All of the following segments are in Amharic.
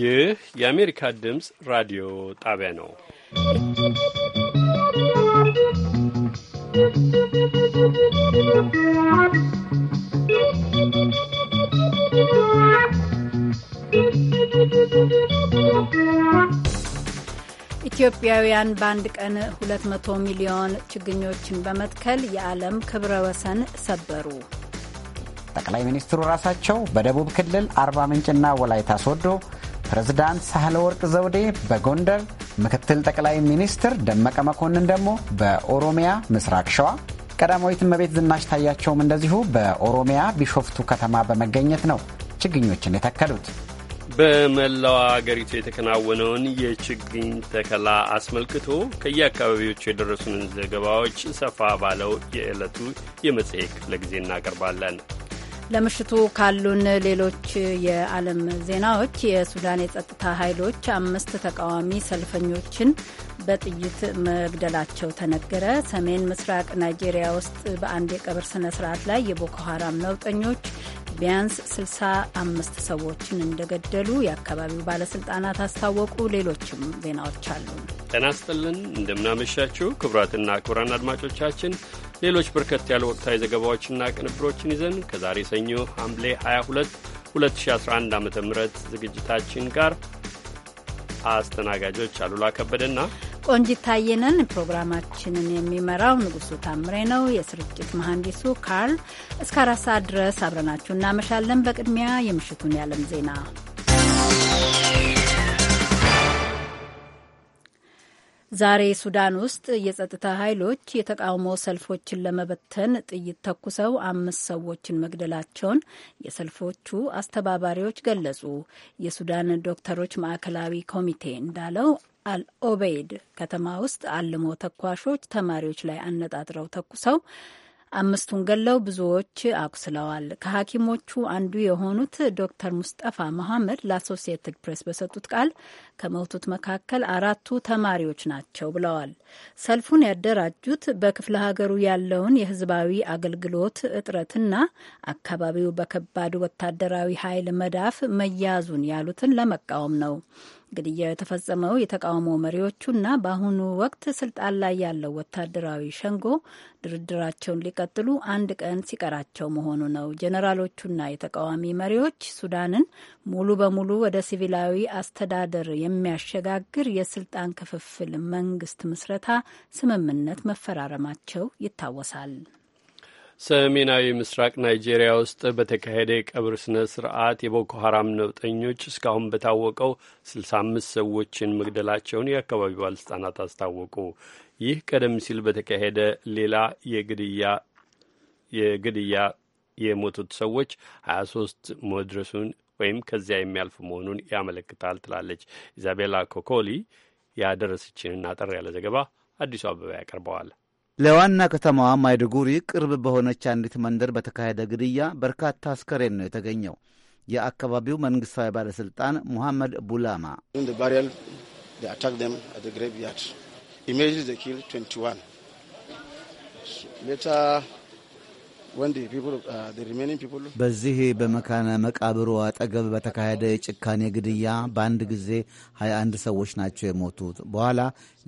ይህ የአሜሪካ ድምፅ ራዲዮ ጣቢያ ነው። ኢትዮጵያውያን በአንድ ቀን 200 ሚሊዮን ችግኞችን በመትከል የዓለም ክብረ ወሰን ሰበሩ። ጠቅላይ ሚኒስትሩ ራሳቸው በደቡብ ክልል አርባ ምንጭና ወላይታ ሶዶ ፕሬዝዳንት ሳህለወርቅ ዘውዴ በጎንደር፣ ምክትል ጠቅላይ ሚኒስትር ደመቀ መኮንን ደግሞ በኦሮሚያ ምስራቅ ሸዋ፣ ቀዳማዊት እመቤት ዝናሽ ታያቸውም እንደዚሁ በኦሮሚያ ቢሾፍቱ ከተማ በመገኘት ነው ችግኞችን የተከሉት። በመላው አገሪቱ የተከናወነውን የችግኝ ተከላ አስመልክቶ ከየአካባቢዎቹ የደረሱንን ዘገባዎች ሰፋ ባለው የዕለቱ የመጽሔት ክፍለ ጊዜ እናቀርባለን። ለምሽቱ ካሉን ሌሎች የዓለም ዜናዎች የሱዳን የጸጥታ ኃይሎች አምስት ተቃዋሚ ሰልፈኞችን በጥይት መግደላቸው ተነገረ። ሰሜን ምስራቅ ናይጄሪያ ውስጥ በአንድ የቀብር ስነ ስርዓት ላይ የቦኮ ሀራም ነውጠኞች ቢያንስ አምስት ሰዎችን እንደገደሉ የአካባቢው ባለስልጣናት አስታወቁ። ሌሎችም ዜናዎች አሉ። ጤና ይስጥልን እንደምናመሻችሁ ክቡራትና ክቡራን አድማጮቻችን ሌሎች በርከት ያሉ ወቅታዊ ዘገባዎችና ቅንብሮችን ይዘን ከዛሬ ሰኞ ሐምሌ 22 2011 ዓ ም ዝግጅታችን ጋር አስተናጋጆች አሉላ ከበደና ቆንጂት ታየነን። ፕሮግራማችንን የሚመራው ንጉሱ ታምሬ ነው። የስርጭት መሐንዲሱ ካርል። እስከ አራት ሰዓት ድረስ አብረናችሁ እናመሻለን። በቅድሚያ የምሽቱን የዓለም ዜና ዛሬ ሱዳን ውስጥ የጸጥታ ኃይሎች የተቃውሞ ሰልፎችን ለመበተን ጥይት ተኩሰው አምስት ሰዎችን መግደላቸውን የሰልፎቹ አስተባባሪዎች ገለጹ። የሱዳን ዶክተሮች ማዕከላዊ ኮሚቴ እንዳለው አልኦቤይድ ከተማ ውስጥ አልሞ ተኳሾች ተማሪዎች ላይ አነጣጥረው ተኩሰው አምስቱን ገለው ብዙዎች አቁስለዋል። ከሐኪሞቹ አንዱ የሆኑት ዶክተር ሙስጠፋ መሐመድ ለአሶሲየትድ ፕሬስ በሰጡት ቃል ከመውቱት መካከል አራቱ ተማሪዎች ናቸው ብለዋል። ሰልፉን ያደራጁት በክፍለ ሀገሩ ያለውን የህዝባዊ አገልግሎት እጥረትና አካባቢው በከባድ ወታደራዊ ኃይል መዳፍ መያዙን ያሉትን ለመቃወም ነው። ግድያው የተፈጸመው የተቃውሞ መሪዎቹና በአሁኑ ወቅት ስልጣን ላይ ያለው ወታደራዊ ሸንጎ ድርድራቸውን ሊቀጥሉ አንድ ቀን ሲቀራቸው መሆኑ ነው። ጀኔራሎቹና የተቃዋሚ መሪዎች ሱዳንን ሙሉ በሙሉ ወደ ሲቪላዊ አስተዳደር የሚያሸጋግር የስልጣን ክፍፍል መንግስት ምስረታ ስምምነት መፈራረማቸው ይታወሳል። ሰሜናዊ ምስራቅ ናይጄሪያ ውስጥ በተካሄደ የቀብር ስነ ስርዓት የቦኮ ሀራም ነውጠኞች እስካሁን በታወቀው ስልሳ አምስት ሰዎችን መግደላቸውን የአካባቢው ባለስልጣናት አስታወቁ። ይህ ቀደም ሲል በተካሄደ ሌላ የግድያ የግድያ የሞቱት ሰዎች ሀያ ሶስት መድረሱን ወይም ከዚያ የሚያልፍ መሆኑን ያመለክታል ትላለች ኢዛቤላ ኮኮሊ ያደረሰችንና አጠር ያለ ዘገባ አዲሱ አበባ ያቀርበዋል። ለዋና ከተማዋ ማይድጉሪ ቅርብ በሆነች አንዲት መንደር በተካሄደ ግድያ በርካታ አስከሬን ነው የተገኘው። የአካባቢው መንግሥታዊ ባለሥልጣን ሙሐመድ ቡላማ uh, በዚህ በመካነ መቃብሩ አጠገብ በተካሄደ የጭካኔ ግድያ በአንድ ጊዜ 21 ሰዎች ናቸው የሞቱት። በኋላ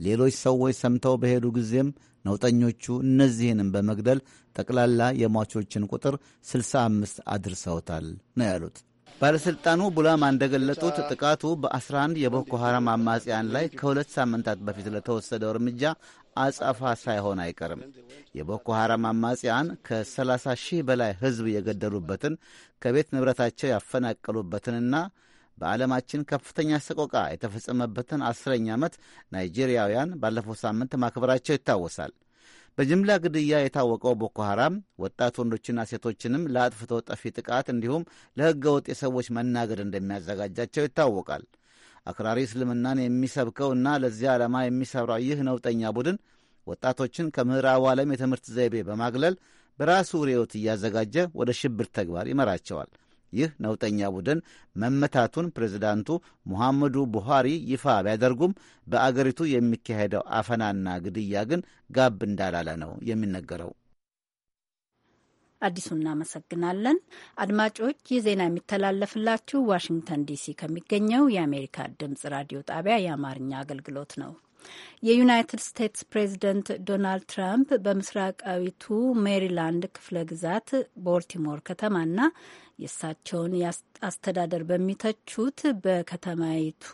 ሌሎች ሰዎች ሰምተው በሄዱ ጊዜም ነውጠኞቹ እነዚህንም በመግደል ጠቅላላ የሟቾችን ቁጥር 65 አድርሰውታል ነው ያሉት። ባለሥልጣኑ ቡላማ እንደገለጡት ጥቃቱ በ11 የቦኮ ሐራም አማጽያን ላይ ከሁለት ሳምንታት በፊት ለተወሰደው እርምጃ አጻፋ ሳይሆን አይቀርም። የቦኮ ሐራም አማጽያን ከ30 ሺህ በላይ ሕዝብ የገደሉበትን ከቤት ንብረታቸው ያፈናቀሉበትንና በዓለማችን ከፍተኛ ሰቆቃ የተፈጸመበትን አስረኛ ዓመት ናይጄሪያውያን ባለፈው ሳምንት ማክበራቸው ይታወሳል። በጅምላ ግድያ የታወቀው ቦኮ ሐራም ወጣት ወንዶችና ሴቶችንም ለአጥፍቶ ጠፊ ጥቃት እንዲሁም ለሕገ ወጥ የሰዎች መናገድ እንደሚያዘጋጃቸው ይታወቃል። አክራሪ እስልምናን የሚሰብከው እና ለዚያ ዓላማ የሚሰራው ይህ ነውጠኛ ቡድን ወጣቶችን ከምዕራቡ ዓለም የትምህርት ዘይቤ በማግለል በራሱ ርዕዮት እያዘጋጀ ወደ ሽብር ተግባር ይመራቸዋል። ይህ ነውጠኛ ቡድን መመታቱን ፕሬዚዳንቱ ሙሐመዱ ቡሃሪ ይፋ ቢያደርጉም በአገሪቱ የሚካሄደው አፈናና ግድያ ግን ጋብ እንዳላለ ነው የሚነገረው። አዲሱ እናመሰግናለን። አድማጮች ይህ ዜና የሚተላለፍላችሁ ዋሽንግተን ዲሲ ከሚገኘው የአሜሪካ ድምጽ ራዲዮ ጣቢያ የአማርኛ አገልግሎት ነው። የዩናይትድ ስቴትስ ፕሬዝደንት ዶናልድ ትራምፕ በምስራቃዊቱ ሜሪላንድ ክፍለ ግዛት ቦልቲሞር ከተማና የእሳቸውን አስተዳደር በሚተቹት በከተማይቱ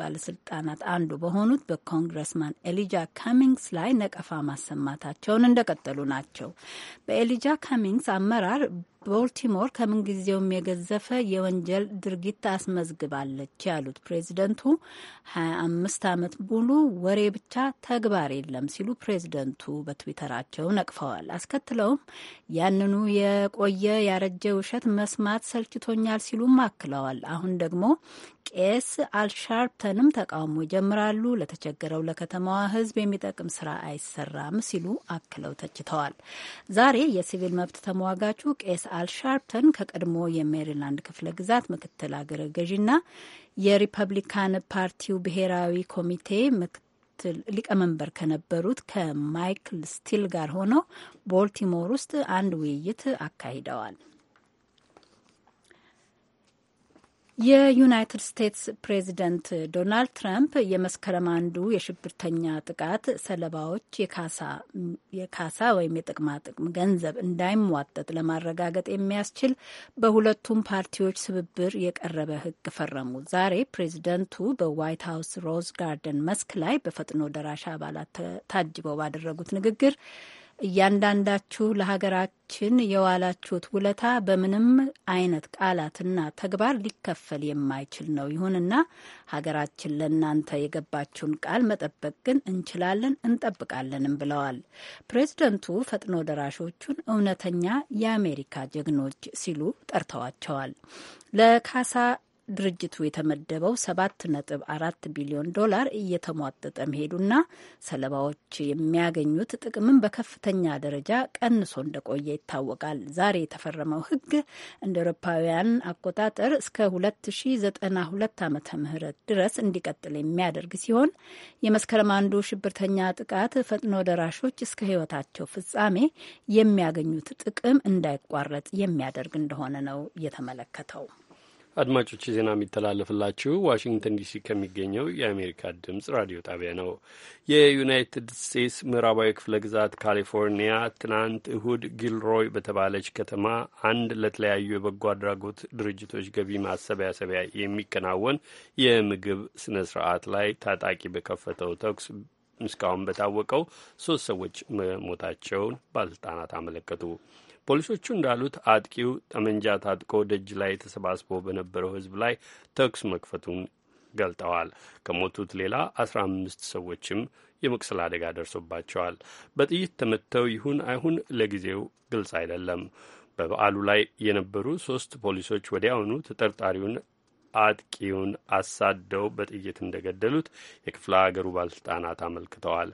ባለስልጣናት አንዱ በሆኑት በኮንግረስማን ኤሊጃ ካሚንግስ ላይ ነቀፋ ማሰማታቸውን እንደቀጠሉ ናቸው። በኤሊጃ ካሚንግስ አመራር ቦልቲሞር ከምንጊዜውም የገዘፈ የወንጀል ድርጊት አስመዝግባለች ያሉት ፕሬዚደንቱ ሀያ አምስት ዓመት ሙሉ ወሬ ብቻ ተግባር የለም ሲሉ ፕሬዚደንቱ በትዊተራቸው ነቅፈዋል። አስከትለውም ያንኑ የቆየ ያረጀ ውሸት መስማት ሰልችቶኛል ሲሉም አክለዋል። አሁን ደግሞ ቄስ አልሻርፕተንም ተቃውሞ ይጀምራሉ። ለተቸገረው ለከተማዋ ሕዝብ የሚጠቅም ስራ አይሰራም ሲሉ አክለው ተችተዋል። ዛሬ የሲቪል መብት ተሟጋቹ ቄስ አልሻርፕተን ከቀድሞ የሜሪላንድ ክፍለ ግዛት ምክትል አገረ ገዢና የሪፐብሊካን ፓርቲው ብሔራዊ ኮሚቴ ሊቀመንበር ከነበሩት ከማይክል ስቲል ጋር ሆነው ቦልቲሞር ውስጥ አንድ ውይይት አካሂደዋል። የዩናይትድ ስቴትስ ፕሬዚደንት ዶናልድ ትራምፕ የመስከረም አንዱ የሽብርተኛ ጥቃት ሰለባዎች የካሳ ወይም የጥቅማ ጥቅም ገንዘብ እንዳይሟጠጥ ለማረጋገጥ የሚያስችል በሁለቱም ፓርቲዎች ትብብር የቀረበ ሕግ ፈረሙ። ዛሬ ፕሬዚደንቱ በዋይት ሀውስ ሮዝ ጋርደን መስክ ላይ በፈጥኖ ደራሽ አባላት ታጅበው ባደረጉት ንግግር እያንዳንዳችሁ ለሀገራችን የዋላችሁት ውለታ በምንም አይነት ቃላትና ተግባር ሊከፈል የማይችል ነው። ይሁንና ሀገራችን ለእናንተ የገባችውን ቃል መጠበቅ ግን እንችላለን፣ እንጠብቃለንም ብለዋል። ፕሬዝደንቱ ፈጥኖ ደራሾቹን እውነተኛ የአሜሪካ ጀግኖች ሲሉ ጠርተዋቸዋል። ለካሳ ድርጅቱ የተመደበው ሰባት ነጥብ አራት ቢሊዮን ዶላር እየተሟጠጠ መሄዱና ሰለባዎች የሚያገኙት ጥቅምም በከፍተኛ ደረጃ ቀንሶ እንደቆየ ይታወቃል። ዛሬ የተፈረመው ሕግ እንደ አውሮፓውያን አቆጣጠር እስከ 2092 ዓመተ ምህረት ድረስ እንዲቀጥል የሚያደርግ ሲሆን የመስከረም አንዱ ሽብርተኛ ጥቃት ፈጥኖ ደራሾች እስከ ሕይወታቸው ፍጻሜ የሚያገኙት ጥቅም እንዳይቋረጥ የሚያደርግ እንደሆነ ነው የተመለከተው። አድማጮች ዜና የሚተላለፍላችሁ ዋሽንግተን ዲሲ ከሚገኘው የአሜሪካ ድምጽ ራዲዮ ጣቢያ ነው። የዩናይትድ ስቴትስ ምዕራባዊ ክፍለ ግዛት ካሊፎርኒያ ትናንት እሁድ ጊልሮይ በተባለች ከተማ አንድ ለተለያዩ የበጎ አድራጎት ድርጅቶች ገቢ ማሰባሰቢያ የሚከናወን የምግብ ስነ ስርዓት ላይ ታጣቂ በከፈተው ተኩስ እስካሁን በታወቀው ሶስት ሰዎች መሞታቸውን ባለስልጣናት አመለከቱ። ፖሊሶቹ እንዳሉት አጥቂው ጠመንጃ ታጥቆ ደጅ ላይ ተሰባስቦ በነበረው ህዝብ ላይ ተኩስ መክፈቱን ገልጠዋል። ከሞቱት ሌላ አስራ አምስት ሰዎችም የመቁሰል አደጋ ደርሶባቸዋል። በጥይት ተመተው ይሁን አይሁን ለጊዜው ግልጽ አይደለም። በበዓሉ ላይ የነበሩ ሶስት ፖሊሶች ወዲያውኑ ተጠርጣሪውን አጥቂውን አሳደው በጥይት እንደገደሉት የክፍለ አገሩ ባለስልጣናት አመልክተዋል።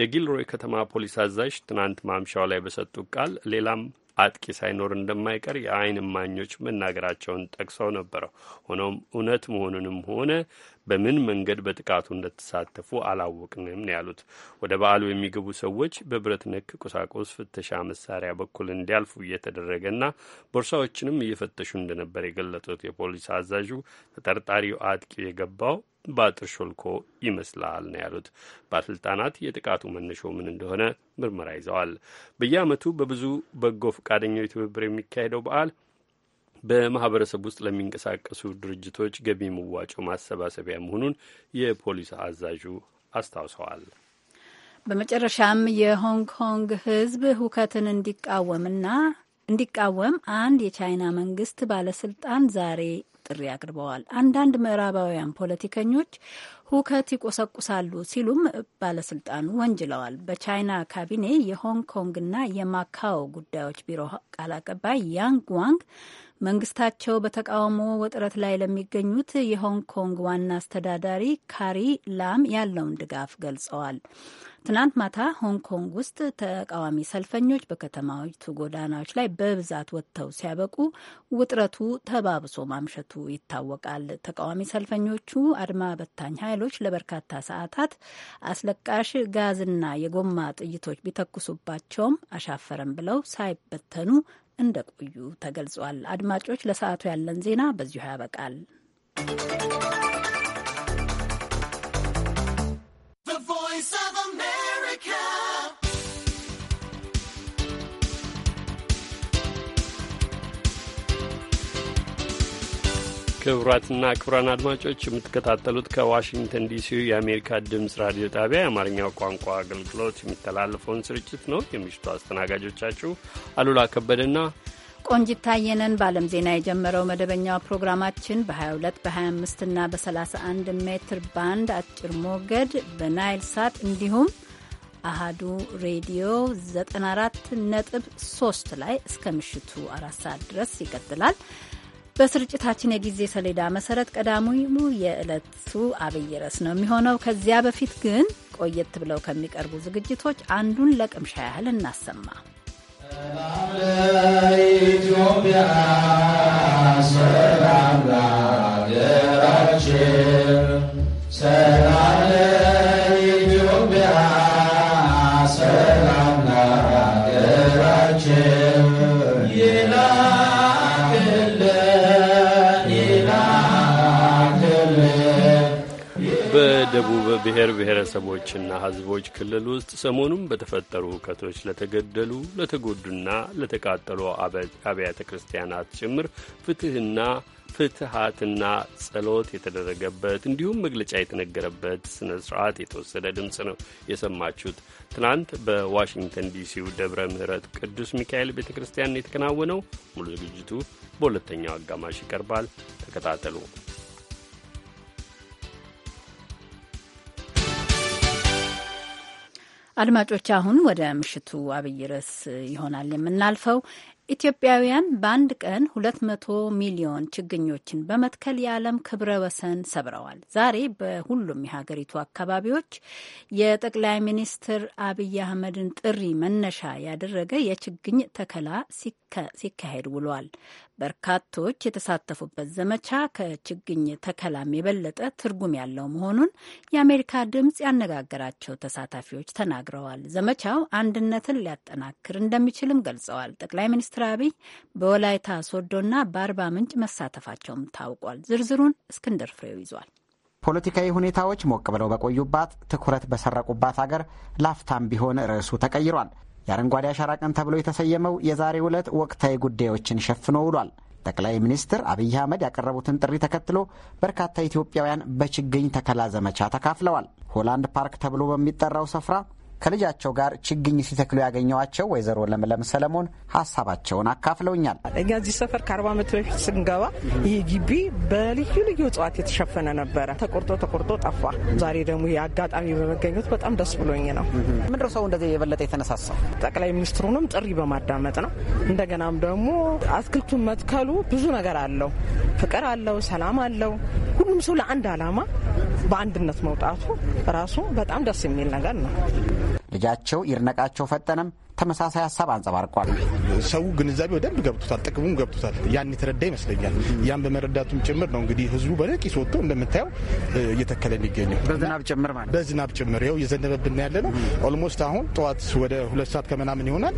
የጊልሮይ ከተማ ፖሊስ አዛዥ ትናንት ማምሻው ላይ በሰጡት ቃል ሌላም አጥቂ ሳይኖር እንደማይቀር የአይን እማኞች መናገራቸውን ጠቅሰው ነበረ። ሆኖም እውነት መሆኑንም ሆነ በምን መንገድ በጥቃቱ እንደተሳተፉ አላወቅንም ያሉት። ወደ በዓሉ የሚገቡ ሰዎች በብረት ነክ ቁሳቁስ ፍተሻ መሳሪያ በኩል እንዲያልፉ እየተደረገና ቦርሳዎችንም እየፈተሹ እንደነበር የገለጡት የፖሊስ አዛዡ ተጠርጣሪው አጥቂ የገባው በአጥር ሾልኮ ይመስላል ነው ያሉት። ባለስልጣናት የጥቃቱ መነሾ ምን እንደሆነ ምርመራ ይዘዋል። በየዓመቱ በብዙ በጎ ፈቃደኛው ትብብር የሚካሄደው በዓል በማህበረሰብ ውስጥ ለሚንቀሳቀሱ ድርጅቶች ገቢ መዋጮ ማሰባሰቢያ መሆኑን የፖሊስ አዛዡ አስታውሰዋል። በመጨረሻም የሆንግ ኮንግ ሕዝብ ሁከትን እንዲቃወምና እንዲቃወም አንድ የቻይና መንግስት ባለስልጣን ዛሬ ጥሪ አቅርበዋል። አንዳንድ ምዕራባውያን ፖለቲከኞች ሁከት ይቆሰቁሳሉ ሲሉም ባለስልጣኑ ወንጅለዋል። በቻይና ካቢኔ የሆንግ ኮንግና የማካዎ ጉዳዮች ቢሮ ቃል አቀባይ ያንግ ዋንግ መንግስታቸው በተቃውሞ ውጥረት ላይ ለሚገኙት የሆንግ ኮንግ ዋና አስተዳዳሪ ካሪ ላም ያለውን ድጋፍ ገልጸዋል። ትናንት ማታ ሆንግ ኮንግ ውስጥ ተቃዋሚ ሰልፈኞች በከተማዊቱ ጎዳናዎች ላይ በብዛት ወጥተው ሲያበቁ ውጥረቱ ተባብሶ ማምሸቱ ይታወቃል። ተቃዋሚ ሰልፈኞቹ አድማ በታኝ ኃይሎች ለበርካታ ሰዓታት አስለቃሽ ጋዝና የጎማ ጥይቶች ቢተኩሱባቸውም አሻፈረም ብለው ሳይበተኑ እንደቆዩ ተገልጿል። አድማጮች፣ ለሰዓቱ ያለን ዜና በዚሁ ያበቃል። ክቡራትና ክቡራን አድማጮች የምትከታተሉት ከዋሽንግተን ዲሲ የአሜሪካ ድምፅ ራዲዮ ጣቢያ የአማርኛው ቋንቋ አገልግሎት የሚተላለፈውን ስርጭት ነው። የምሽቱ አስተናጋጆቻችሁ አሉላ ከበደና ቆንጂት ታየነን። በዓለም ዜና የጀመረው መደበኛው ፕሮግራማችን በ22 በ25 እና በ31 ሜትር ባንድ አጭር ሞገድ በናይል ሳት እንዲሁም አሃዱ ሬዲዮ 94 ነጥብ 3 ላይ እስከ ምሽቱ አራት ሰዓት ድረስ ይቀጥላል። በስርጭታችን የጊዜ ሰሌዳ መሰረት ቀዳሚው የዕለቱ አብይ ርዕስ ነው የሚሆነው። ከዚያ በፊት ግን ቆየት ብለው ከሚቀርቡ ዝግጅቶች አንዱን ለቅምሻ ያህል እናሰማ። ሰላም ደቡብ ብሔር ብሔረሰቦችና ሕዝቦች ክልል ውስጥ ሰሞኑን በተፈጠሩ ሁከቶች ለተገደሉ ለተጎዱና ለተቃጠሉ አብያተ ክርስቲያናት ጭምር ፍትህና ፍትሃትና ጸሎት የተደረገበት እንዲሁም መግለጫ የተነገረበት ስነ ስርዓት የተወሰደ ድምፅ ነው የሰማችሁት። ትናንት በዋሽንግተን ዲሲው ደብረ ምሕረት ቅዱስ ሚካኤል ቤተ ክርስቲያን የተከናወነው ሙሉ ዝግጅቱ በሁለተኛው አጋማሽ ይቀርባል። ተከታተሉ። አድማጮች፣ አሁን ወደ ምሽቱ አብይ ርዕስ ይሆናል የምናልፈው። ኢትዮጵያውያን በአንድ ቀን ሁለት መቶ ሚሊዮን ችግኞችን በመትከል የዓለም ክብረ ወሰን ሰብረዋል። ዛሬ በሁሉም የሀገሪቱ አካባቢዎች የጠቅላይ ሚኒስትር አብይ አህመድን ጥሪ መነሻ ያደረገ የችግኝ ተከላ ሲካሄድ ውሏል። በርካቶች የተሳተፉበት ዘመቻ ከችግኝ ተከላም የበለጠ ትርጉም ያለው መሆኑን የአሜሪካ ድምፅ ያነጋገራቸው ተሳታፊዎች ተናግረዋል። ዘመቻው አንድነትን ሊያጠናክር እንደሚችልም ገልጸዋል። ጠቅላይ ሚኒስትር አብይ በወላይታ ሶዶና በአርባ ምንጭ መሳተፋቸውም ታውቋል። ዝርዝሩን እስክንድር ፍሬው ይዟል። ፖለቲካዊ ሁኔታዎች ሞቅ ብለው በቆዩባት፣ ትኩረት በሰረቁባት አገር ላፍታም ቢሆን ርዕሱ ተቀይሯል። የአረንጓዴ አሻራ ቀን ተብሎ የተሰየመው የዛሬ ዕለት ወቅታዊ ጉዳዮችን ሸፍኖ ውሏል። ጠቅላይ ሚኒስትር አብይ አህመድ ያቀረቡትን ጥሪ ተከትሎ በርካታ ኢትዮጵያውያን በችግኝ ተከላ ዘመቻ ተካፍለዋል። ሆላንድ ፓርክ ተብሎ በሚጠራው ስፍራ ከልጃቸው ጋር ችግኝ ሲተክሉ ያገኘዋቸው ወይዘሮ ለምለም ሰለሞን ሀሳባቸውን አካፍለውኛል። እኛ እዚህ ሰፈር ከአርባ ዓመት በፊት ስንገባ ይህ ግቢ በልዩ ልዩ እጽዋት የተሸፈነ ነበረ። ተቆርጦ ተቆርጦ ጠፋ። ዛሬ ደግሞ ይህ አጋጣሚ በመገኘት በጣም ደስ ብሎኝ ነው። ምንድን ሰው እንደዚህ የበለጠ የተነሳሳው ጠቅላይ ሚኒስትሩንም ጥሪ በማዳመጥ ነው። እንደገናም ደግሞ አትክልቱን መትከሉ ብዙ ነገር አለው። ፍቅር አለው፣ ሰላም አለው። ሁሉም ሰው ለአንድ አላማ በአንድነት መውጣቱ ራሱ በጣም ደስ የሚል ነገር ነው። ልጃቸው ይርነቃቸው ፈጠነም ተመሳሳይ ሀሳብ አንጸባርቋል። ሰው ግንዛቤ በደንብ ገብቶታል፣ ጥቅሙም ገብቶታል። ያን የተረዳ ይመስለኛል። ያን በመረዳቱም ጭምር ነው እንግዲህ ህዝቡ በነቂስ ወጥቶ እንደምታየው እየተከለ የሚገኘው በዝናብ ጭምር ማለት በዝናብ ጭምር ይኸው እየዘነበብን ያለ ነው። ኦልሞስት አሁን ጠዋት ወደ ሁለት ሰዓት ከምናምን ይሆናል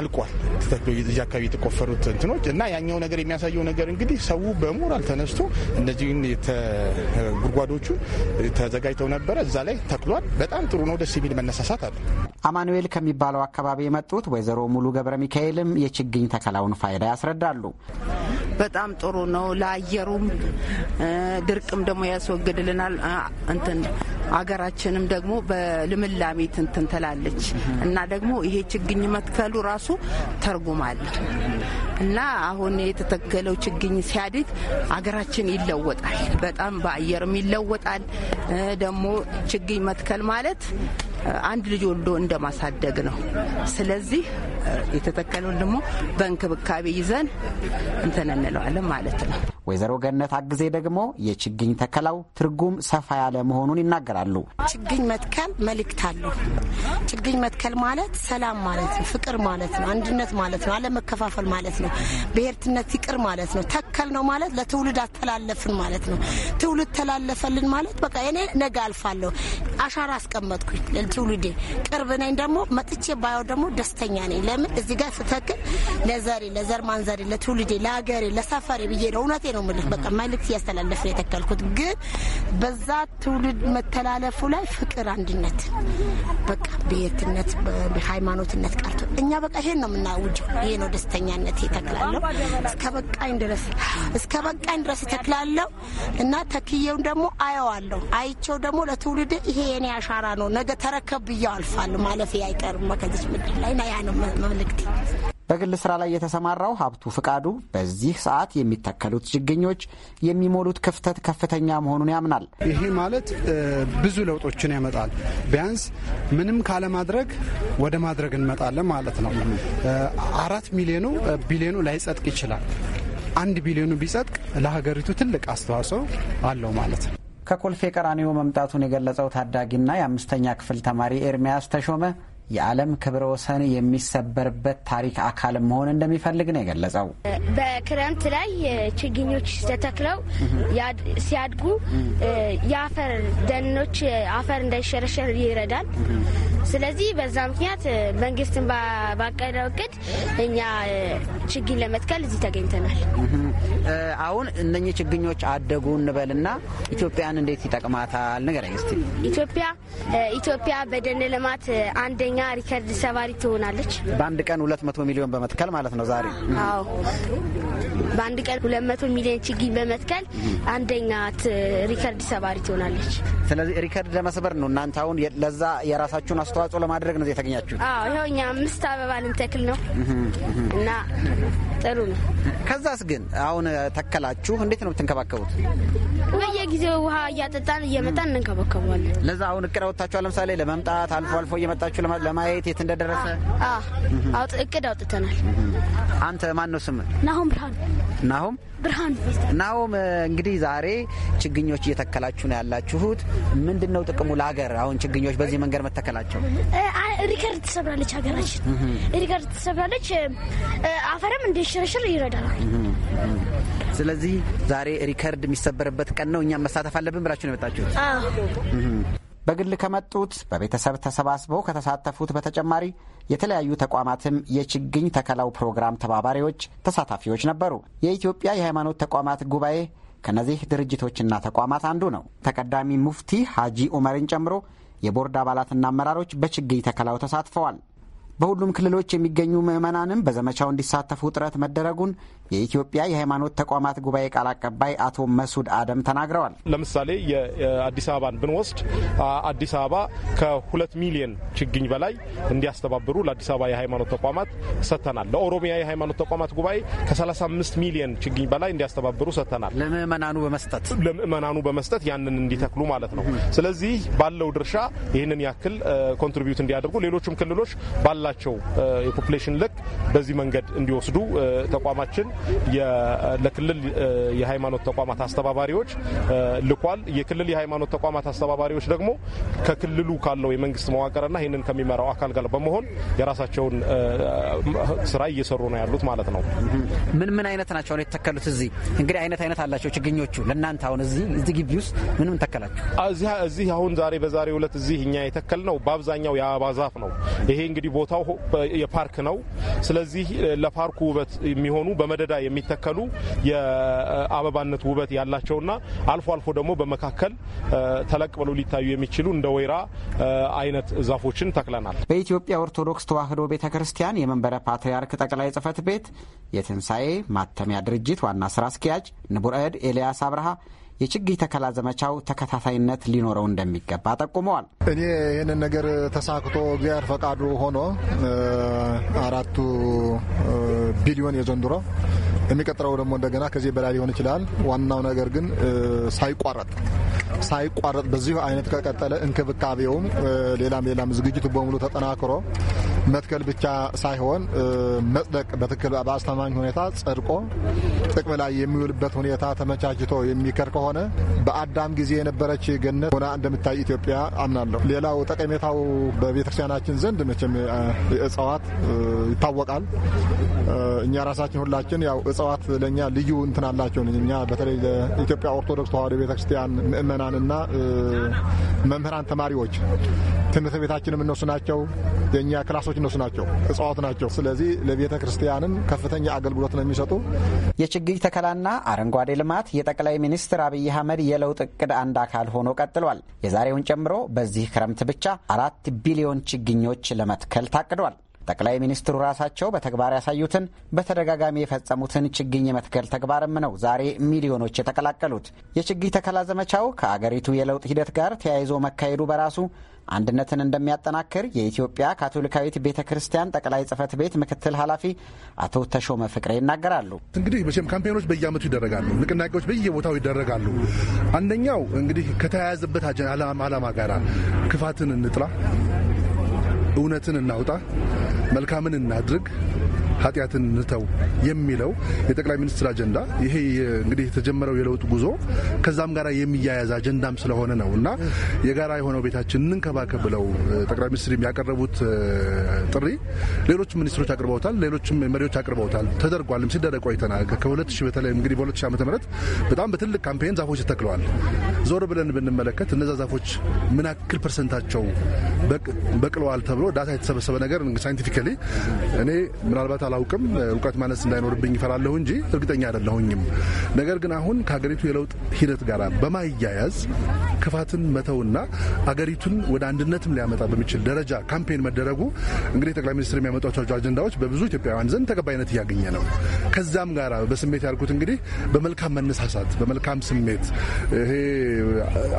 አልቋል። እዚህ አካባቢ የተቆፈሩት እንትኖች እና ያኛው ነገር የሚያሳየው ነገር እንግዲህ ሰው በሞራል ተነስቶ እነዚህን ጉድጓዶቹ ተዘጋጅተው ነበረ፣ እዛ ላይ ተክሏል። በጣም ጥሩ ነው። ደስ የሚል መነሳሳት አለ። አማኑኤል ከሚባለው አካባቢ አካባቢ የመጡት ወይዘሮ ሙሉ ገብረ ሚካኤልም የችግኝ ተከላውን ፋይዳ ያስረዳሉ። በጣም ጥሩ ነው። ለአየሩም ድርቅም ደግሞ ያስወግድልናል። እንትን አገራችንም ደግሞ በልምላሜ ትንትን ትላለች እና ደግሞ ይሄ ችግኝ መትከሉ ራሱ ተርጉማል እና አሁን የተተከለው ችግኝ ሲያድግ አገራችን ይለወጣል። በጣም በአየርም ይለወጣል። ደግሞ ችግኝ መትከል ማለት አንድ ልጅ ወልዶ እንደማሳደግ ነው። ስለዚህ የተተከለውን ደግሞ በእንክብካቤ ይዘን እንትን እንለዋለን ማለት ነው። ወይዘሮ ገነት አግዜ ደግሞ የችግኝ ተከላው ትርጉም ሰፋ ያለ መሆኑን ይናገራሉ። ችግኝ መትከል መልእክት አለው። ችግኝ መትከል ማለት ሰላም ማለት ነው፣ ፍቅር ማለት ነው፣ አንድነት ማለት ነው፣ አለመከፋፈል ማለት ነው፣ ብሔርትነት ይቅር ማለት ነው። ተከል ነው ማለት ለትውልድ አተላለፍን ማለት ነው። ትውልድ ተላለፈልን ማለት በቃ እኔ ነገ አልፋለሁ፣ አሻራ አስቀመጥኩኝ ለትውልዴ ቅርብ ነኝ። ደግሞ መጥቼ ባየው ደግሞ ደስተኛ ነኝ። ለምን እዚህ ጋር ስተክል ለዘሬ ለዘር ማንዘሬ ለትውልዴ ለሀገሬ ለሰፈሬ ብዬ ነው። እውነቴ ነው የምልህ። በቃ መልዕክት እያስተላለፍ ነው የተከልኩት። ግን በዛ ትውልድ መተላለፉ ላይ ፍቅር፣ አንድነት፣ በቃ ብሄርትነት ሃይማኖትነት ቀርቶ እኛ በቃ ይሄን ነው የምናውጀው። ይሄ ነው ደስተኛነት። ይተክላለሁ እስከ በቃኝ ድረስ እስከ በቃኝ ድረስ ይተክላለሁ እና ተክዬውን ደግሞ አየዋለሁ። አይቼው ደግሞ ለትውልድ ይሄ የኔ አሻራ ነው ነገ ተረ ከብዬ አልፋለሁ። ማለፍ አይቀርም ከዚች ምድር ላይ ና ያ ነው መልእክቴ። በግል ስራ ላይ የተሰማራው ሀብቱ ፍቃዱ በዚህ ሰዓት የሚተከሉት ችግኞች የሚሞሉት ክፍተት ከፍተኛ መሆኑን ያምናል። ይሄ ማለት ብዙ ለውጦችን ያመጣል። ቢያንስ ምንም ካለማድረግ ወደ ማድረግ እንመጣለን ማለት ነው። አራት ሚሊዮኑ ቢሊዮኑ ላይጸድቅ ይችላል። አንድ ቢሊዮኑ ቢጸጥቅ ለሀገሪቱ ትልቅ አስተዋጽኦ አለው ማለት ነው። ከኮልፌ ቀራኒዮ መምጣቱን የገለጸው ታዳጊና የአምስተኛ ክፍል ተማሪ ኤርሚያስ ተሾመ የዓለም ክብረ ወሰን የሚሰበርበት ታሪክ አካል መሆን እንደሚፈልግ ነው የገለጸው። በክረምት ላይ ችግኞች ተተክለው ሲያድጉ የአፈር ደኖች አፈር እንዳይሸረሸር ይረዳል። ስለዚህ በዛ ምክንያት መንግስትን ባቀደው እቅድ እኛ ችግኝ ለመትከል እዚህ ተገኝተናል። አሁን እነኚህ ችግኞች አደጉ እንበልና ኢትዮጵያን እንዴት ይጠቅማታል? ንገረኝ እስኪ። ኢትዮጵያ ኢትዮጵያ በደን ልማት አንደኛ አንደኛ ሪከርድ ሰባሪ ትሆናለች። በአንድ ቀን ሁለት መቶ ሚሊዮን በመትከል ማለት ነው ዛሬ። አዎ በአንድ ቀን ሁለት መቶ ሚሊዮን ችግኝ በመትከል አንደኛ ሪከርድ ሰባሪ ትሆናለች። ስለዚህ ሪከርድ ለመስበር ነው እናንተ አሁን ለዛ የራሳችሁን አስተዋጽኦ ለማድረግ ነው የተገኛችሁ። ይኸው እኛ አምስት አበባ ልንተክል ነው እና ጥሩ ነው። ከዛስ ግን አሁን ተከላችሁ እንዴት ነው የምትንከባከቡት? በየጊዜው ውሃ እያጠጣን እየመጣን እንንከባከበዋለን። ለዛ አሁን እቅድ አወጣችኋል። ለምሳሌ ለመምጣት አልፎ አልፎ እየመጣችሁ ለማየት የት እንደደረሰ እቅድ አውጥተናል። አንተ ማን ነው ስም? ናሁም ብርሃን። ናሁም ብርሃን። ናሁም እንግዲህ ዛሬ ችግኞች እየተከላችሁ ነው ያላችሁት። ምንድን ነው ጥቅሙ ለሀገር? አሁን ችግኞች በዚህ መንገድ መተከላቸው ሪከርድ ትሰብራለች፣ ሀገራችን ሪከርድ ትሰብራለች። አፈርም እንዲሸረሽር ይረዳናል። ስለዚህ ዛሬ ሪከርድ የሚሰበርበት ቀን ነው። እኛም መሳተፍ አለብን ብላችሁ ነው የመጣችሁት? በግል ከመጡት በቤተሰብ ተሰባስበው ከተሳተፉት በተጨማሪ የተለያዩ ተቋማትም የችግኝ ተከላው ፕሮግራም ተባባሪዎች፣ ተሳታፊዎች ነበሩ። የኢትዮጵያ የሃይማኖት ተቋማት ጉባኤ ከነዚህ ድርጅቶችና ተቋማት አንዱ ነው። ተቀዳሚ ሙፍቲ ሐጂ ኡመርን ጨምሮ የቦርድ አባላትና አመራሮች በችግኝ ተከላው ተሳትፈዋል። በሁሉም ክልሎች የሚገኙ ምዕመናንም በዘመቻው እንዲሳተፉ ጥረት መደረጉን የኢትዮጵያ የሃይማኖት ተቋማት ጉባኤ ቃል አቀባይ አቶ መሱድ አደም ተናግረዋል። ለምሳሌ የአዲስ አበባን ብንወስድ አዲስ አበባ ከሁለት ሚሊዮን ችግኝ በላይ እንዲያስተባብሩ ለአዲስ አበባ የሃይማኖት ተቋማት ሰጥተናል። ለኦሮሚያ የሃይማኖት ተቋማት ጉባኤ ከ35 ሚሊዮን ችግኝ በላይ እንዲያስተባብሩ ሰጥተናል። ለምእመናኑ በመስጠት ለምእመናኑ በመስጠት ያንን እንዲተክሉ ማለት ነው። ስለዚህ ባለው ድርሻ ይህንን ያክል ኮንትሪቢዩት እንዲያደርጉ ሌሎችም ክልሎች ባላቸው የፖፕሌሽን ልክ በዚህ መንገድ እንዲወስዱ ተቋማችን ለክልል የሃይማኖት ተቋማት አስተባባሪዎች ልኳል። የክልል የሃይማኖት ተቋማት አስተባባሪዎች ደግሞ ከክልሉ ካለው የመንግስት መዋቅርና ይህንን ከሚመራው አካል ጋር በመሆን የራሳቸውን ስራ እየሰሩ ነው ያሉት ማለት ነው። ምን ምን አይነት ናቸው አሁን የተተከሉት? እዚህ እንግዲህ አይነት አይነት አላቸው ችግኞቹ። ለእናንተ አሁን እዚህ እዚህ ግቢ ውስጥ ምንም ምን ተከላችሁ? እዚህ አሁን ዛሬ በዛሬ ሁለት እዚህ እኛ የተከል ነው በአብዛኛው የአበባ ዛፍ ነው። ይሄ እንግዲህ ቦታው የፓርክ ነው። ስለዚህ ለፓርኩ ውበት የሚሆኑ በመደዳ በየሜዳ የሚተከሉ የአበባነት ውበት ያላቸውና አልፎ አልፎ ደግሞ በመካከል ተለቅ ብለው ሊታዩ የሚችሉ እንደ ወይራ አይነት ዛፎችን ተክለናል። በኢትዮጵያ ኦርቶዶክስ ተዋሕዶ ቤተ ክርስቲያን የመንበረ ፓትርያርክ ጠቅላይ ጽሕፈት ቤት የትንሣኤ ማተሚያ ድርጅት ዋና ስራ አስኪያጅ ንቡረ እድ ኤልያስ አብርሃ የችግኝ ተከላ ዘመቻው ተከታታይነት ሊኖረው እንደሚገባ ጠቁመዋል። እኔ ይህንን ነገር ተሳክቶ እግዚአብሔር ፈቃዱ ሆኖ አራቱ ቢሊዮን የዘንድሮ የሚቀጥረው ደግሞ እንደገና ከዚህ በላይ ሊሆን ይችላል። ዋናው ነገር ግን ሳይቋረጥ ሳይቋረጥ በዚሁ አይነት ከቀጠለ እንክብካቤውም ሌላም ሌላም ዝግጅቱ በሙሉ ተጠናክሮ መትከል ብቻ ሳይሆን መጽደቅ በትክክል በአስተማማኝ ሁኔታ ጸድቆ ጥቅም ላይ የሚውልበት ሁኔታ ተመቻችቶ የሚከር ከሆነ በአዳም ጊዜ የነበረች ገነት ሆና እንደምታይ ኢትዮጵያ አምናለሁ። ሌላው ጠቀሜታው በቤተክርስቲያናችን ዘንድ መቼም እጽዋት ይታወቃል። እኛ ራሳችን ሁላችን ያው እጽዋት ለእኛ ልዩ እንትን አላቸው። እኛ በተለይ ለኢትዮጵያ ኦርቶዶክስ ተዋሕዶ ቤተክርስቲያን ምእመናንና መምህራን ተማሪዎች ትምህርት ቤታችንም እነሱ ናቸው። የእኛ ክላሶች እነሱ ናቸው፣ እጽዋት ናቸው። ስለዚህ ለቤተ ክርስቲያንም ከፍተኛ አገልግሎት ነው የሚሰጡ። የችግኝ ተከላና አረንጓዴ ልማት የጠቅላይ ሚኒስትር አብይ አህመድ የለውጥ እቅድ አንድ አካል ሆኖ ቀጥሏል። የዛሬውን ጨምሮ በዚህ ክረምት ብቻ አራት ቢሊዮን ችግኞች ለመትከል ታቅዷል። ጠቅላይ ሚኒስትሩ ራሳቸው በተግባር ያሳዩትን በተደጋጋሚ የፈጸሙትን ችግኝ የመትከል ተግባርም ነው ዛሬ ሚሊዮኖች የተቀላቀሉት። የችግኝ ተከላ ዘመቻው ከአገሪቱ የለውጥ ሂደት ጋር ተያይዞ መካሄዱ በራሱ አንድነትን እንደሚያጠናክር የኢትዮጵያ ካቶሊካዊት ቤተ ክርስቲያን ጠቅላይ ጽፈት ቤት ምክትል ኃላፊ አቶ ተሾመ ፍቅሬ ይናገራሉ። እንግዲህ መቼም ካምፔኖች በየአመቱ ይደረጋሉ፣ ንቅናቄዎች በየቦታው ይደረጋሉ። አንደኛው እንግዲህ ከተያያዘበት አላማ ጋር ክፋትን እንጥላ እውነትን እናውጣ፣ መልካምን እናድርግ ኃጢአትን ንተው የሚለው የጠቅላይ ሚኒስትር አጀንዳ ይሄ እንግዲህ የተጀመረው የለውጥ ጉዞ ከዛም ጋር የሚያያዝ አጀንዳም ስለሆነ ነው እና የጋራ የሆነው ቤታችን እንንከባከብ ብለው ጠቅላይ ሚኒስትር የሚያቀረቡት ጥሪ ሌሎች ሚኒስትሮች አቅርበውታል፣ ሌሎችም መሪዎች አቅርበውታል። ተደርጓልም ሲደረግ ቆይተናል። ከ2000 በተለይ እንግዲህ በ2000 ዓመተ ምህረት በጣም በትልቅ ካምፔን ዛፎች ተክለዋል። ዞር ብለን ብንመለከት እነዛ ዛፎች ምን ያክል ፐርሰንታቸው በቅለዋል ተብሎ ዳታ የተሰበሰበ ነገር ሳይንቲፊካሊ እኔ ምናልባት አላውቅም። እውቀት ማነስ እንዳይኖርብኝ ይፈራለሁ እንጂ እርግጠኛ አይደለሁኝም። ነገር ግን አሁን ከሀገሪቱ የለውጥ ሂደት ጋር በማያያዝ ክፋትን መተውና አገሪቱን ወደ አንድነትም ሊያመጣ በሚችል ደረጃ ካምፔን መደረጉ እንግዲህ ጠቅላይ ሚኒስትር የሚያመጧቸው አጀንዳዎች በብዙ ኢትዮጵያውያን ዘንድ ተቀባይነት እያገኘ ነው። ከዛም ጋር በስሜት ያልኩት እንግዲህ በመልካም መነሳሳት፣ በመልካም ስሜት ይሄ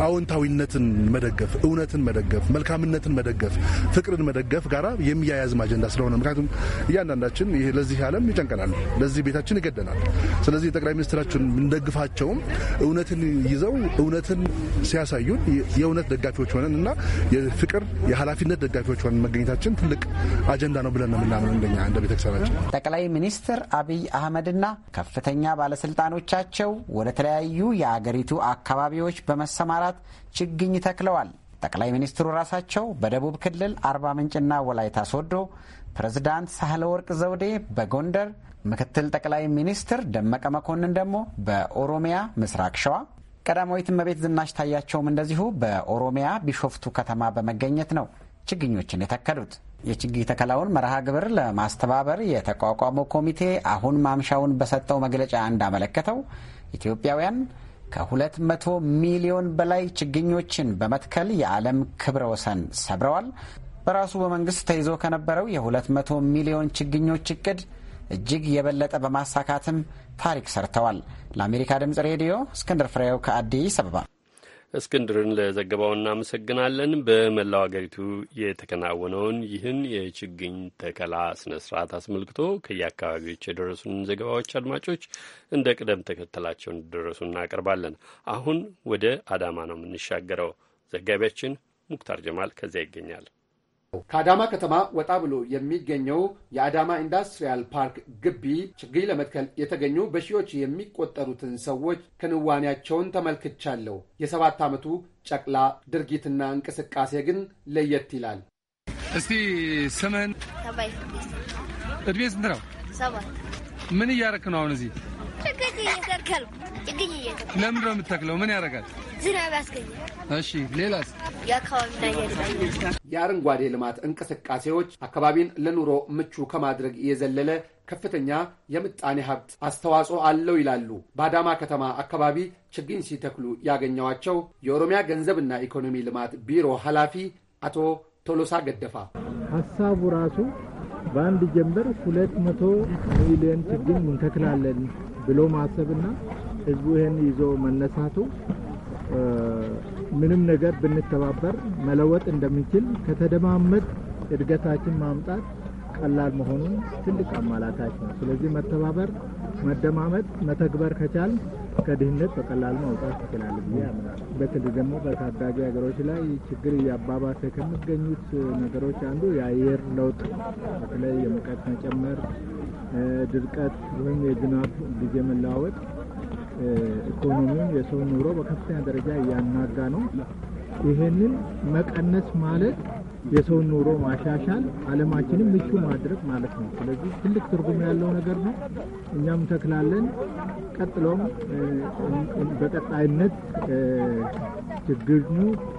አዎንታዊነትን መደገፍ፣ እውነትን መደገፍ፣ መልካምነትን መደገፍ፣ ፍቅርን መደገፍ ጋራ የሚያያዝም አጀንዳ ስለሆነ ምክንያቱም እያንዳንዳችን ለዚህ ዓለም ይጨንቀናል፣ ለዚህ ቤታችን ይገደናል። ስለዚህ የጠቅላይ ሚኒስትራችን እንደግፋቸውም እውነትን ይዘው እውነትን ሲያሳዩን የእውነት ደጋፊዎች ሆነን እና የፍቅር የኃላፊነት ደጋፊዎች ሆነን መገኘታችን ትልቅ አጀንዳ ነው ብለን ነው የምናምነው እንደኛ እንደ ቤተክርስቲያናችን። ጠቅላይ ሚኒስትር አብይ አህመድና ከፍተኛ ባለስልጣኖቻቸው ወደ ተለያዩ የአገሪቱ አካባቢዎች በመሰማራት ችግኝ ተክለዋል። ጠቅላይ ሚኒስትሩ ራሳቸው በደቡብ ክልል አርባ ምንጭና ወላይታ ሶዶ ፕሬዝዳንት ሳህለ ወርቅ ዘውዴ በጎንደር፣ ምክትል ጠቅላይ ሚኒስትር ደመቀ መኮንን ደግሞ በኦሮሚያ ምስራቅ ሸዋ፣ ቀዳማዊት እመቤት ዝናሽ ታያቸውም እንደዚሁ በኦሮሚያ ቢሾፍቱ ከተማ በመገኘት ነው ችግኞችን የተከሉት። የችግኝ ተከላውን መርሃ ግብር ለማስተባበር የተቋቋመው ኮሚቴ አሁን ማምሻውን በሰጠው መግለጫ እንዳመለከተው ኢትዮጵያውያን ከሁለት መቶ ሚሊዮን በላይ ችግኞችን በመትከል የዓለም ክብረ ወሰን ሰብረዋል። በራሱ በመንግስት ተይዞ ከነበረው የ200 ሚሊዮን ችግኞች እቅድ እጅግ የበለጠ በማሳካትም ታሪክ ሰርተዋል። ለአሜሪካ ድምጽ ሬዲዮ እስክንድር ፍሬው ከአዲስ አበባ። እስክንድርን ለዘገባው እናመሰግናለን። በመላው አገሪቱ የተከናወነውን ይህን የችግኝ ተከላ ስነ ስርዓት አስመልክቶ ከየአካባቢዎች የደረሱን ዘገባዎች አድማጮች እንደ ቅደም ተከተላቸው እንደደረሱ እናቀርባለን። አሁን ወደ አዳማ ነው የምንሻገረው። ዘጋቢያችን ሙክታር ጀማል ከዚያ ይገኛል። ከአዳማ ከተማ ወጣ ብሎ የሚገኘው የአዳማ ኢንዱስትሪያል ፓርክ ግቢ ችግኝ ለመትከል የተገኙ በሺዎች የሚቆጠሩትን ሰዎች ክንዋኔያቸውን ተመልክቻለሁ። የሰባት ዓመቱ ጨቅላ ድርጊትና እንቅስቃሴ ግን ለየት ይላል። እስቲ ስምህን? እድሜ ስንት ነው? ምን እያረክ ነው አሁን እዚህ ችግኝ ችግኝ ለምንድን ነው የምትተክለው? ምን ያደርጋል? ዝናብ ያስገኛል። እሺ፣ ሌላስ? የአካባቢ የአረንጓዴ ልማት እንቅስቃሴዎች አካባቢን ለኑሮ ምቹ ከማድረግ የዘለለ ከፍተኛ የምጣኔ ሀብት አስተዋጽኦ አለው ይላሉ በአዳማ ከተማ አካባቢ ችግኝ ሲተክሉ ያገኘዋቸው የኦሮሚያ ገንዘብና ኢኮኖሚ ልማት ቢሮ ኃላፊ አቶ ቶሎሳ ገደፋ። ሀሳቡ ራሱ በአንድ ጀንበር ሁለት መቶ ሚሊዮን ችግኝ እንተክላለን ብሎ ማሰብና ህዝቡ ይህን ይዞ መነሳቱ ምንም ነገር ብንተባበር መለወጥ እንደምንችል ከተደማመጥ እድገታችን ማምጣት ቀላል መሆኑን ትልቅ አማላታች ነው። ስለዚህ መተባበር፣ መደማመጥ፣ መተግበር ከቻል ከድህነት በቀላሉ ማውጣት ይችላል ብዬ አምናለሁ። በተለይ ደግሞ በታዳጊ ሀገሮች ላይ ችግር እያባባሰ ከሚገኙት ነገሮች አንዱ የአየር ለውጥ በተለይ የሙቀት መጨመር፣ ድርቀት ወይም የዝናብ ጊዜ መለዋወጥ ኢኮኖሚውን፣ የሰው ኑሮ በከፍተኛ ደረጃ እያናጋ ነው። ይህንን መቀነስ ማለት የሰውን ኑሮ ማሻሻል አለማችንም ምቹ ማድረግ ማለት ነው። ስለዚህ ትልቅ ትርጉም ያለው ነገር ነው። እኛም ተክላለን። ቀጥሎም በቀጣይነት ችግኙ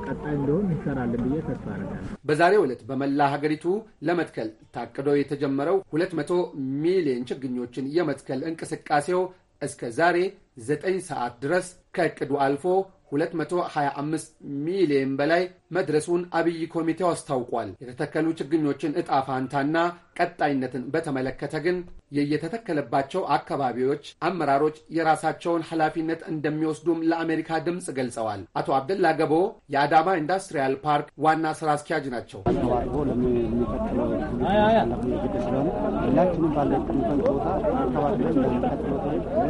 ቀጣይ እንደሆን እንሰራለን ብዬ ተስፋ አደርጋለሁ። በዛሬው ዕለት በመላ ሀገሪቱ ለመትከል ታቅዶ የተጀመረው 200 ሚሊዮን ችግኞችን የመትከል እንቅስቃሴው እስከ ዛሬ 9 ሰዓት ድረስ ከእቅዱ አልፎ 225 ሚሊዮን በላይ መድረሱን አብይ ኮሚቴው አስታውቋል። የተተከሉ ችግኞችን እጣፋንታና ፋንታና ቀጣይነትን በተመለከተ ግን የየተተከለባቸው አካባቢዎች አመራሮች የራሳቸውን ኃላፊነት እንደሚወስዱም ለአሜሪካ ድምፅ ገልጸዋል። አቶ አብደላ ገቦ የአዳማ ኢንዱስትሪያል ፓርክ ዋና ስራ አስኪያጅ ናቸው። ሁላችንም ባለ ቦታ አካባቢ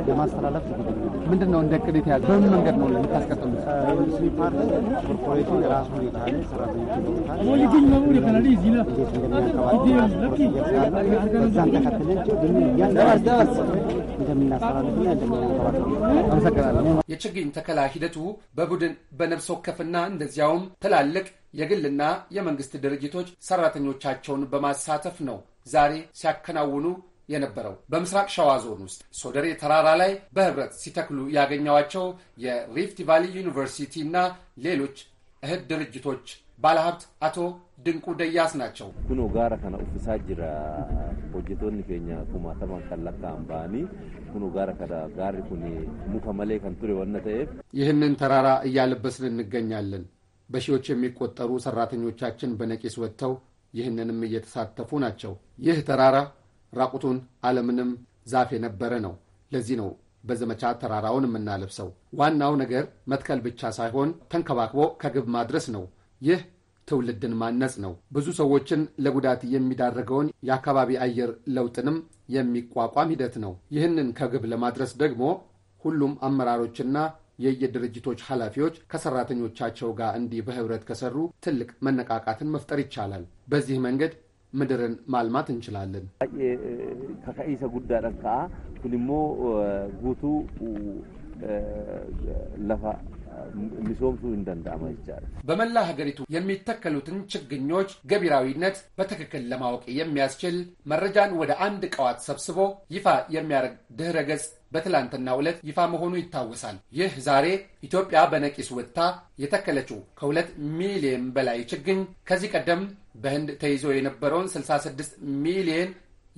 ለማስተላለፍ ዝግጅ ምንድን ነው እንደ ቅድ የተያዘ በምን መንገድ ነው የምታስቀጥሉት? ኢንዱስትሪ ፓርክ ኮርፖሬቱ የራሱን የቻለ ሰራተኞች የችግኝ ተከላ ሂደቱ በቡድን በነፍስ ወከፍና እንደዚያውም ትላልቅ የግልና የመንግስት ድርጅቶች ሰራተኞቻቸውን በማሳተፍ ነው ዛሬ ሲያከናውኑ የነበረው በምስራቅ ሸዋ ዞን ውስጥ ሶደሬ ተራራ ላይ በህብረት ሲተክሉ ያገኘዋቸው የሪፍት ቫሊ ዩኒቨርሲቲ እና ሌሎች እህት ድርጅቶች ባለሀብት አቶ ድንቁ ደያስ ናቸው። ኩኖ ጋራ ከነ ኡፍሳ ጅራ ሆጀቶን ኬኛ ኩማተማን ከላካ አምባኒ ኩኖ ጋራ ከ ጋሪ ኩኒ ሙከ መሌ ከንቱሬ ወነ ተኤፍ ይህንን ተራራ እያለበስን እንገኛለን። በሺዎች የሚቆጠሩ ሰራተኞቻችን በነቂስ ወጥተው ይህንንም እየተሳተፉ ናቸው። ይህ ተራራ ራቁቱን አለምንም ዛፍ የነበረ ነው። ለዚህ ነው በዘመቻ ተራራውን የምናለብሰው። ዋናው ነገር መትከል ብቻ ሳይሆን ተንከባክቦ ከግብ ማድረስ ነው። ይህ ትውልድን ማነጽ ነው። ብዙ ሰዎችን ለጉዳት የሚዳረገውን የአካባቢ አየር ለውጥንም የሚቋቋም ሂደት ነው። ይህንን ከግብ ለማድረስ ደግሞ ሁሉም አመራሮችና የየድርጅቶች ኃላፊዎች ከሰራተኞቻቸው ጋር እንዲህ በህብረት ከሰሩ ትልቅ መነቃቃትን መፍጠር ይቻላል። በዚህ መንገድ ምድርን ማልማት እንችላለን። ከከኢሰ ጉዳ ከአ ኩንሞ ጉቱ ለፋ ሚሶምሱ እንደንዳማ ይቻላል። በመላ ሀገሪቱ የሚተከሉትን ችግኞች ገቢራዊነት በትክክል ለማወቅ የሚያስችል መረጃን ወደ አንድ ቀዋት ሰብስቦ ይፋ የሚያደርግ ድህረ ገጽ በትላንትና ዕለት ይፋ መሆኑ ይታወሳል። ይህ ዛሬ ኢትዮጵያ በነቂስ ወጥታ የተከለችው ከሁለት ሚሊየን በላይ ችግኝ ከዚህ ቀደም በህንድ ተይዞ የነበረውን 66 ሚሊየን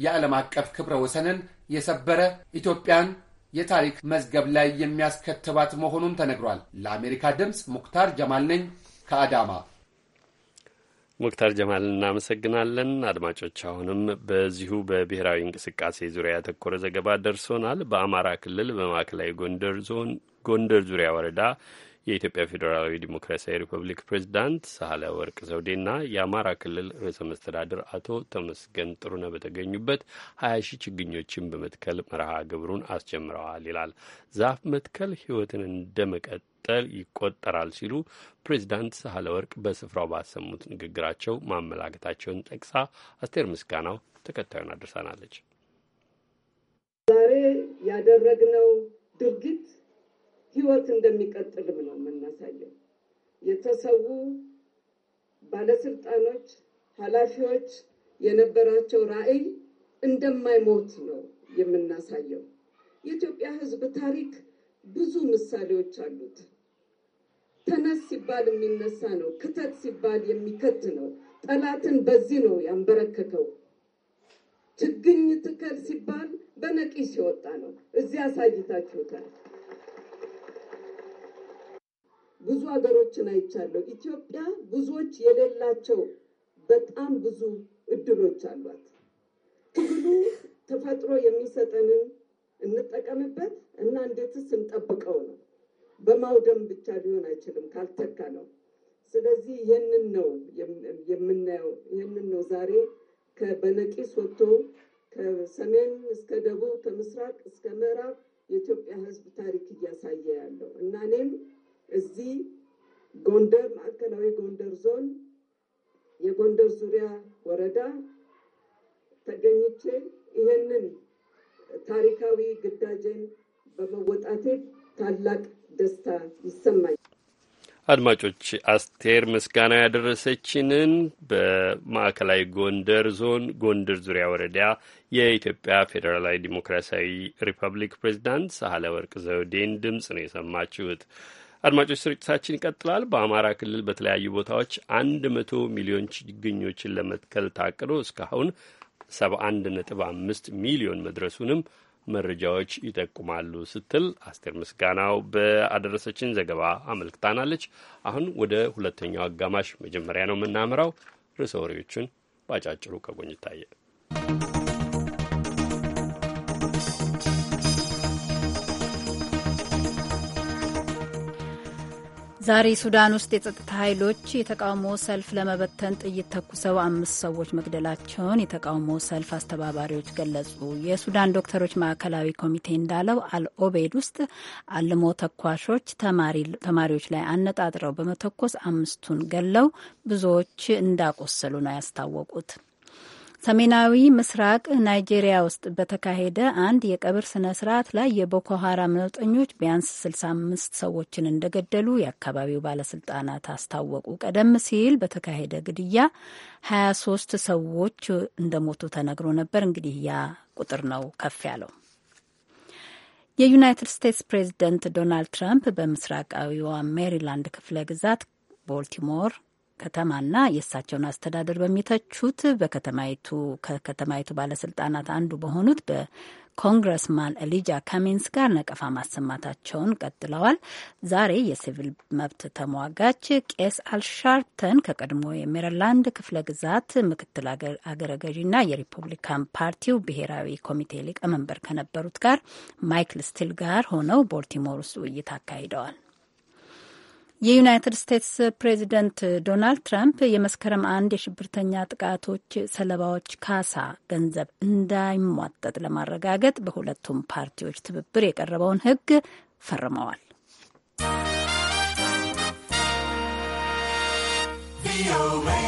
የዓለም አቀፍ ክብረ ወሰንን የሰበረ ኢትዮጵያን የታሪክ መዝገብ ላይ የሚያስከትባት መሆኑን ተነግሯል። ለአሜሪካ ድምፅ ሙክታር ጀማል ነኝ ከአዳማ። ሙክታር ጀማል እናመሰግናለን። አድማጮች፣ አሁንም በዚሁ በብሔራዊ እንቅስቃሴ ዙሪያ ያተኮረ ዘገባ ደርሶናል። በአማራ ክልል በማዕከላዊ ጎንደር ዞን ጎንደር ዙሪያ ወረዳ የኢትዮጵያ ፌዴራላዊ ዲሞክራሲያዊ ሪፐብሊክ ፕሬዚዳንት ሳህለ ወርቅ ዘውዴና የአማራ ክልል ርዕሰ መስተዳድር አቶ ተመስገን ጥሩነህ በተገኙበት ሀያ ሺህ ችግኞችን በመትከል መርሃ ግብሩን አስጀምረዋል ይላል። ዛፍ መትከል ሕይወትን እንደመቀጠል ይቆጠራል ሲሉ ፕሬዚዳንት ሳህለ ወርቅ በስፍራው ባሰሙት ንግግራቸው ማመላከታቸውን ጠቅሳ አስቴር ምስጋናው ተከታዩን አድርሳናለች። ዛሬ ያደረግነው ድርጊት ህይወት እንደሚቀጥልም ነው የምናሳየው። የተሰዉ ባለስልጣኖች፣ ኃላፊዎች የነበራቸው ራዕይ እንደማይሞት ነው የምናሳየው። የኢትዮጵያ ህዝብ ታሪክ ብዙ ምሳሌዎች አሉት። ተነስ ሲባል የሚነሳ ነው። ክተት ሲባል የሚከት ነው። ጠላትን በዚህ ነው ያንበረከከው። ችግኝ ትከል ሲባል በነቂስ ሲወጣ ነው። እዚህ አሳይታችሁታል። ብዙ ሀገሮችን አይቻለሁ። ኢትዮጵያ ብዙዎች የሌላቸው በጣም ብዙ እድሎች አሏት። ትግሉ ተፈጥሮ የሚሰጠንን እንጠቀምበት እና እንዴትስ እንጠብቀው ነው። በማውደም ብቻ ሊሆን አይችልም ካልተካ ነው። ስለዚህ ይህንን ነው የምናየው። ይህንን ነው ዛሬ በነቂስ ወጥቶ ከሰሜን እስከ ደቡብ ከምስራቅ እስከ ምዕራብ የኢትዮጵያ ሕዝብ ታሪክ እያሳየ ያለው እና እኔም እዚህ ጎንደር ማዕከላዊ ጎንደር ዞን የጎንደር ዙሪያ ወረዳ ተገኝቼ ይህንን ታሪካዊ ግዳጅን በመወጣቴ ታላቅ ደስታ ይሰማኝ። አድማጮች አስቴር ምስጋና ያደረሰችንን በማዕከላዊ ጎንደር ዞን ጎንደር ዙሪያ ወረዳ የኢትዮጵያ ፌዴራላዊ ዲሞክራሲያዊ ሪፐብሊክ ፕሬዚዳንት ወርቅ ዘውዴን ድምፅ ነው የሰማችሁት። አድማጮች ስርጭታችን ይቀጥላል። በአማራ ክልል በተለያዩ ቦታዎች አንድ መቶ ሚሊዮን ችግኞችን ለመትከል ታቅዶ እስካሁን ሰባ አንድ ነጥብ አምስት ሚሊዮን መድረሱንም መረጃዎች ይጠቁማሉ ስትል አስቴር ምስጋናው በአደረሰችን ዘገባ አመልክታናለች። አሁን ወደ ሁለተኛው አጋማሽ መጀመሪያ ነው የምናምራው። ርዕሰ ወሬዎቹን በአጫጭሩ ከጎኝ ይታየ ዛሬ ሱዳን ውስጥ የጸጥታ ኃይሎች የተቃውሞ ሰልፍ ለመበተን ጥይት ተኩሰው አምስት ሰዎች መግደላቸውን የተቃውሞ ሰልፍ አስተባባሪዎች ገለጹ። የሱዳን ዶክተሮች ማዕከላዊ ኮሚቴ እንዳለው አልኦቤድ ውስጥ አልሞ ተኳሾች ተማሪዎች ላይ አነጣጥረው በመተኮስ አምስቱን ገለው ብዙዎች እንዳቆሰሉ ነው ያስታወቁት። ሰሜናዊ ምስራቅ ናይጄሪያ ውስጥ በተካሄደ አንድ የቀብር ስነ ስርዓት ላይ የቦኮ ሀራም ነውጠኞች ቢያንስ 65 ሰዎችን እንደገደሉ የአካባቢው ባለስልጣናት አስታወቁ። ቀደም ሲል በተካሄደ ግድያ 23 ሰዎች እንደሞቱ ተነግሮ ነበር። እንግዲህ ያ ቁጥር ነው ከፍ ያለው። የዩናይትድ ስቴትስ ፕሬዚደንት ዶናልድ ትራምፕ በምስራቃዊዋ ሜሪላንድ ክፍለ ግዛት ቦልቲሞር ከተማና የእሳቸውን አስተዳደር በሚተቹት በከተማይቱ ከከተማይቱ ባለስልጣናት አንዱ በሆኑት በኮንግረስማን ኤሊጃ ካሚንስ ጋር ነቀፋ ማሰማታቸውን ቀጥለዋል። ዛሬ የሲቪል መብት ተሟጋች ቄስ አልሻርተን ከቀድሞ የሜሪላንድ ክፍለ ግዛት ምክትል አገረ ገዢና የሪፑብሊካን ፓርቲው ብሔራዊ ኮሚቴ ሊቀመንበር ከነበሩት ጋር ማይክል ስቲል ጋር ሆነው ቦልቲሞር ውስጥ ውይይት አካሂደዋል። የዩናይትድ ስቴትስ ፕሬዚደንት ዶናልድ ትራምፕ የመስከረም አንድ የሽብርተኛ ጥቃቶች ሰለባዎች ካሳ ገንዘብ እንዳይሟጠጥ ለማረጋገጥ በሁለቱም ፓርቲዎች ትብብር የቀረበውን ሕግ ፈርመዋል። ቪኦኤ